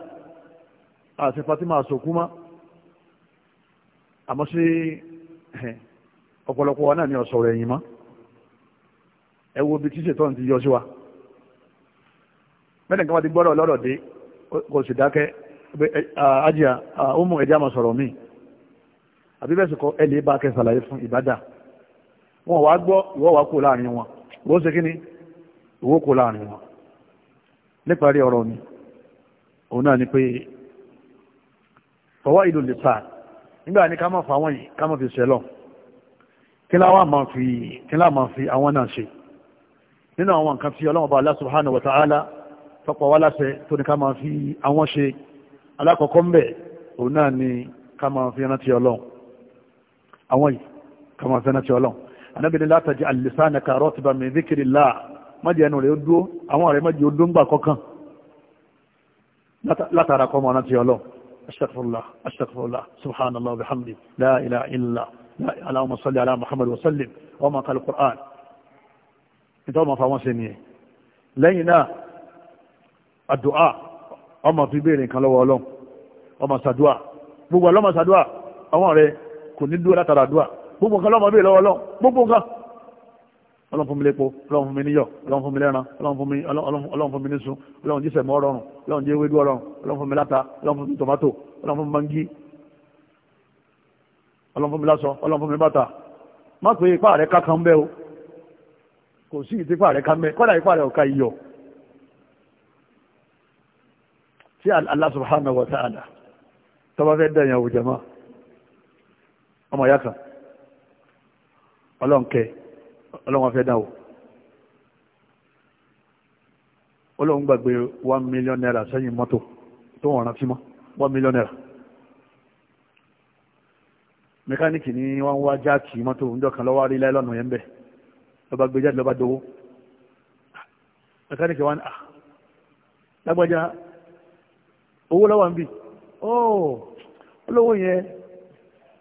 àti fatima asokuma àmọ́ sí ọ̀pọ̀lọpọ̀ wa náà ní ọ̀sọ̀rọ̀ ẹ̀yìn mọ́ ẹ wo bí tíṣe tọ́n ti yọ sí wa mẹ́rin kan wá ti gbọ́rọ̀ lọ́rọ̀ dé kò sì dákẹ́ ajíà ọmọ ẹ̀dí àmọ̀ sọ̀rọ̀ míì àbí bẹ́ẹ̀ bá kẹ́ sàlàyé fún ìbádà wọn wá gbọ́ ìwọ́ wá kó láàrin wọn ìwọ́ ìwọ́ kó láàrin wọn níparí ọ̀rọ̀ mi òun náà ni pé fọwọ́ ìlú lè pa nígbà ní ká má fa àwọn yìí ká má fi kí láwọn máa fi àwọn náà nínú àwọn nǹkan tí ọlọ́wọ́n bá tọ́pọ̀ wá láṣẹ tó ní ká máa fi àwọn ṣe alákọ̀ọ́kọ́ ń bẹ̀ òun náà ni ká máa fi rántí ọlọ́run àwọn yìí ká máa fi rántí ọlọ́run anábìnrin látàjì àlìsánà kàrọ́ ti bá mi zikiri láà májẹ̀ ẹnu rẹ̀ ó dúó àwọn rẹ̀ májẹ̀ ó dúó ń gbà kọ́kàn látara kọ́ máa rántí ọlọ́run astaghfirullah astaghfirullah àdùá ọmọ fi béèrè nǹkan lọ́wọ́ ọlọ́run ọmọ sàdùá gbogbo ọlọ́mọ sàdùá àwọn rẹ kò ní dúró látara àdùá gbogbo nǹkan lọ́mọ béèrè lọ́wọ́ ọlọ́run gbogbo nǹkan ọlọ́run fún mi lépo ọlọ́run fún mi níyọ̀ ọlọ́run fún mi lẹ́ran ọlọ́run fún mi ọlọ́run fún mi nísun ọlọ́run jíṣẹ́ mọ́ ọrọ̀run ọlọ́run jẹ́ ewédú ọrọ̀run ọlọ́run fún mi láta ọlọ́run fún mi tòmátò ọlọ́run fún mi mangi ọlọ́run fún mi lásọ ọlọ́run fún mi bàtà má pé ipá rẹ̀ ká bẹ́ o kò sí ìtìpá rẹ̀ ká kọ́dà ipá rẹ̀ ọ̀ka iyọ̀ sí Allah subhanahu wa ta'ala tó bá fẹ́ dẹ̀yàn òwò jẹ̀mọ́ ọmọ ìyá kan ọlọ́nkẹ́ ọlọ́wọ́n fẹ́ dáwò olóhun gbàgbé one million naira sẹ́yìn mọ́tò tó wọ̀n rántí mọ́ one million naira mẹkáníkì ní wọ́n wá jáàkì mọ́tò ń jọkàn lọ́wọ́ rí láìlọ́nà yẹn bẹ̀ lọ́ba gbé jáde lọ́ba dowó mẹkáníkì wọn ah, lágbájá owó lọ́wọ́ ń bì óò olówó yẹn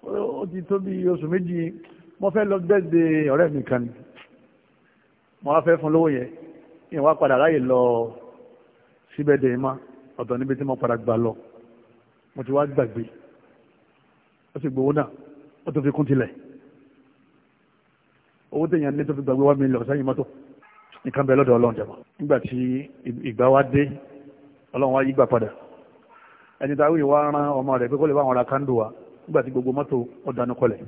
ó ti tó bí oṣù méjì mo fẹ́ lọ bẹ́ẹ̀dẹ̀ ọ̀rẹ́ mi kan ni mo wá fẹ́ fún lówó yẹn yẹn wá padà ráyè lọ síbẹ̀ dẹ̀ má ọ̀tọ̀ níbi tí mo padà gbà lọ mo ti wá gbàgbé ó sì gbowó náà ó tó fi kún tilẹ̀ owó tẹ̀yàn ní tó fi gbàgbé wá mi lọ sẹ́yìn mọ́tò nǹkan bẹ́ẹ̀ lọ́dọ̀ ọlọ́run jẹ̀mọ́ nígbà tí ìgbà wá dé ọlọ́run wá yí gbà padà ẹni tàwí ìwà rán ọmọ rẹ̀ pé kó lè bá wọn ra nígbà tí gbogbo mọ́tò ó dánú kọlẹ̀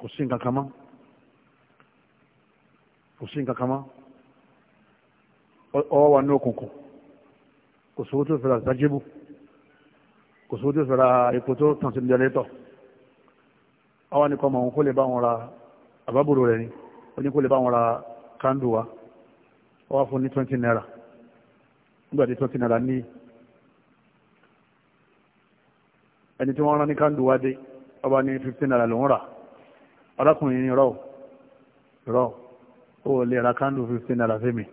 kò sí nǹkan kan mọ́ kò sí nǹkan kan mọ́ ọwọ́ wa ní òkùnkùn kò sówó tó fẹ́ra kò sówó tó fẹ́ra epo tó tàn sí àwọn nìkan mọ̀ òun kó lè bá wọn ni ó ní kó lè bá wọn ra ọwọ́ fún ní twenty naira nígbà tí naira ní ẹni tí wọ́n rán ní kándù wá dé ọba ní fifteen naira ló ń rà arákùnrin ní rọ rọ ó lè ra kándù fifteen naira fẹ́mi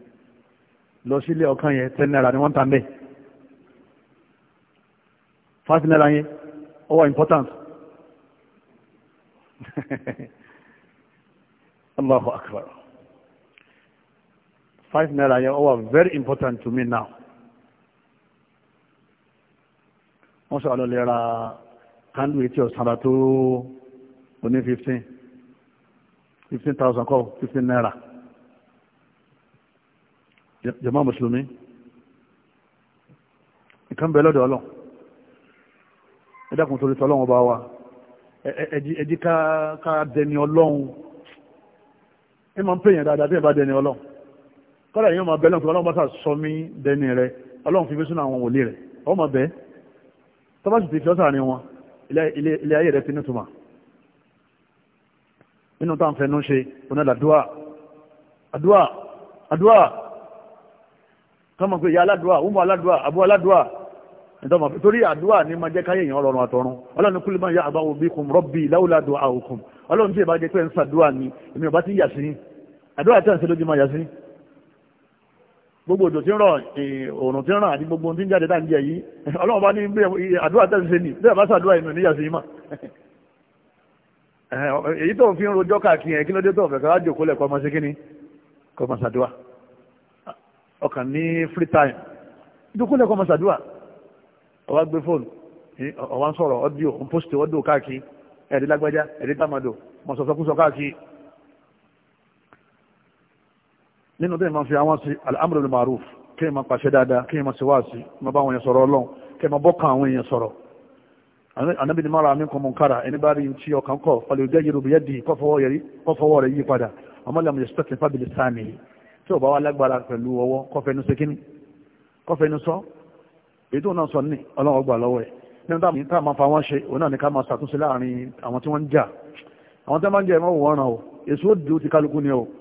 lọ sílé ọkàn yẹn ten naira ni wọ́n tà mẹ́ five naira yẹn ó wà important Allahu akbar five naira yẹn ó wà very important to me now. wọ́n sọ àlọ́lẹ̀ ra kándù etí ọ̀sánra tó oní fifteen fifteen thousand kọ́ fifteen naira jàmá mùsùlùmí nǹkan bẹ lọ́dọ̀ ọlọ́ ẹ dákun torí tọ́lọ́run ọba wa ẹjí ká dẹni ọlọ́run ẹ máa ń pèèyàn dáadáa bí ẹ bá dẹni ọlọ́run kọ́lá èèyàn máa bẹ lọ́run fún ọlọ́run bá sà sọ mí dẹni rẹ ọlọ́run fi fi sínú àwọn òlé rẹ ọ máa bẹ́ẹ̀ tó bá sì ti fi ọ́sà ní wọn ilé ayé rẹ̀ ti nítumà nínú tá à ń fẹnu ṣe onílà àdúà àdúà àdúà kọ́mọ̀ pé ìyá aládùà ọmọ aládùà àbú aládùà ìtọ́mọ̀ torí àdúà ní máa jẹ́ káyé èèyàn rọrùn àtọrun ọlọ́run kúlù máa yá àbáwo bí kùn rọ́bì láwùlá àdúà òkùn ọlọ́run tí ìbá jẹ́ pé ń sàdúà ni èmi ọba ti yà sí àdúà tí à ń ṣe lójú máa yà sí gbogbo òjò tí ń rọ̀ òòrùn tí ń ràn àti gbogbo tí ń jáde táà ń jẹ yìí ọlọ́run bá ní àdúrà tẹ́lẹ̀ ṣe nì bẹ́ẹ̀ bá sàdúrà inú níyà sí mà èyí tó ń fi rojọ́ káàkiri ẹ̀ kí ló dé tó ọ̀fẹ́ ká jòkó lẹ̀ kọ́ ọmọ sí kíní kọ́ ọmọ sàdúrà ọkàn ní free time jòkó lẹ̀ kọ́ ọmọ sàdúrà ọwá gbé fóònù ọwá ń sọ̀rọ̀ ọ́díò ń pósìtì ọ́díò káàkiri ẹ̀rí lágbájá ẹ̀rí tàmàdò mọ̀sọ̀sọ̀kúsọ nínú tẹ́ ma fi àwọn sí al'amru bil ma'ruf kí ma pàṣẹ dáadáa kí ma ṣèwáàsí ma bá wọn yẹn sọ̀rọ̀ ọlọ́run kí ma bọ́ kan àwọn èèyàn sọ̀rọ̀ anábì ni mara minkum munkara ẹni bá rí tí ọkàn kọ̀ ọlẹ́ òjẹ́ yorùbá biyẹ́ di kọ́fọwọ́ rẹ̀ yí padà ọmọ lẹ́mú yẹsùtọ́kì fábìlì sáàmì tí ò bá wá lágbára pẹ̀lú ọwọ́ kọfẹ́nu ṣe kíní kọfẹ́nu sọ èyí tó náà sọ ní ọlọ́run ọgbà lọ́wọ́ ẹ̀ nínú táwọn tá máa fa wọn ṣe òun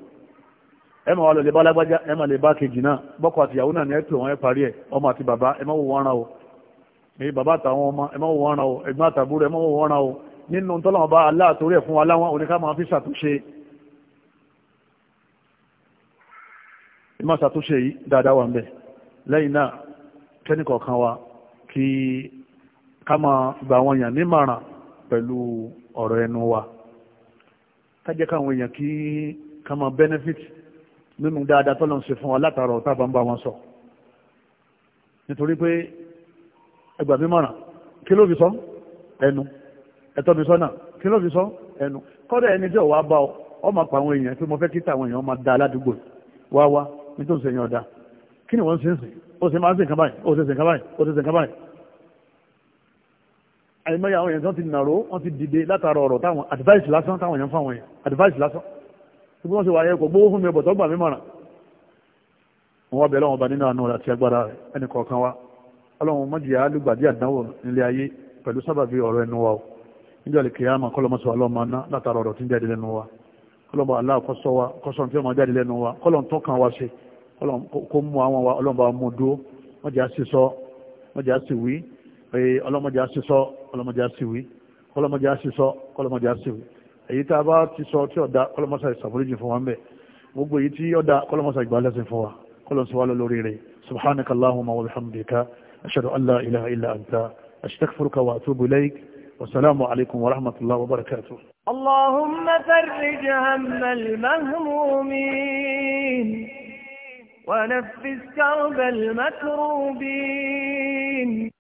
ẹmọ wà lọlẹ̀ bá lágbájá ẹmọ lè bá kejì náà bọ́kọ àti ìyàwó náà ní ẹ̀tọ́ wọn ẹ parí ẹ̀ ọmọ àti bàbá ẹmọ wò wọ́n ra o èyí bàbá àtàwọn ọmọ ẹmọ wò wọ́n ra o ẹ̀gbọ́n àtàbúrò ẹmọ wò wọ́n ra o nínú tọ́lọ́wọ́n bá aláàtórí ẹ̀ fún nínú dáadáa tó lọ́n ṣe fún wa látara ọ̀tá bá ń bá wọn sọ nítorí pé ẹgbà mi mọ̀ràn kí ló fi sọ ẹnu ẹ̀tọ́ mi sọ́nà kí ló fi sọ ẹnu kọ́dà ẹni tí ò wá bá ọ ọ máa pa àwọn èèyàn pé mo fẹ́ kí tàwọn èèyàn máa da aládùúgbò wá wá nítorí sẹ́yìn ọ̀dà kí ni wọ́n ń ṣe ń sìn ó ṣe máa ń sìn kan báyìí ó ṣe sìn kan báyìí ó ṣe sìn kan báyìí àìmọye àwọn èèyàn tó ti nàró wọ́n ti dìde látara ọ̀rọ̀ táwọn advice lásán táwọn èèyàn fáwọn èèyàn advice lásán tí wọ́n ṣe wà yẹn kò gbówó fún mi ọ̀bọ̀ tọ́gbà mi mọ̀ràn wọ́n wá bẹ̀rẹ̀ lọ́wọ́ ọba nínú àánú rẹ̀ àti agbára rẹ̀ ẹnì kọ̀ọ̀kan wa ọlọ́run mọ́jìyà alùgbàdì àdánwò nílé ayé pẹ̀lú sábàbí ọ̀rọ̀ ẹnu wa o níjọ́ lè kìí àmà kọ́lọ́mọ́ sọ ọlọ́mọ ná látara ọ̀rọ̀ tí ń jáde lẹ́nu wa kọ́lọ́mọ aláà kọ́sọ́ èyí tá a bá ti sọ tí ọ̀dà kọlọmọsà ìsàforíjì fún wa ń bẹ̀ gbogbo èyí tí ọ̀dà kọlọmọsà ìgbàlẹ́sìn fún wa kọlọmọsà wà lórí rẹ̀ subhanaka allahumma wa bihamdika ashhadu an la ilaha illa anta astaghfiruka wa atubu ilaik والسلام عليكم ورحمة الله وبركاته اللهم فرج هم المهمومين ونفس كرب المكروبين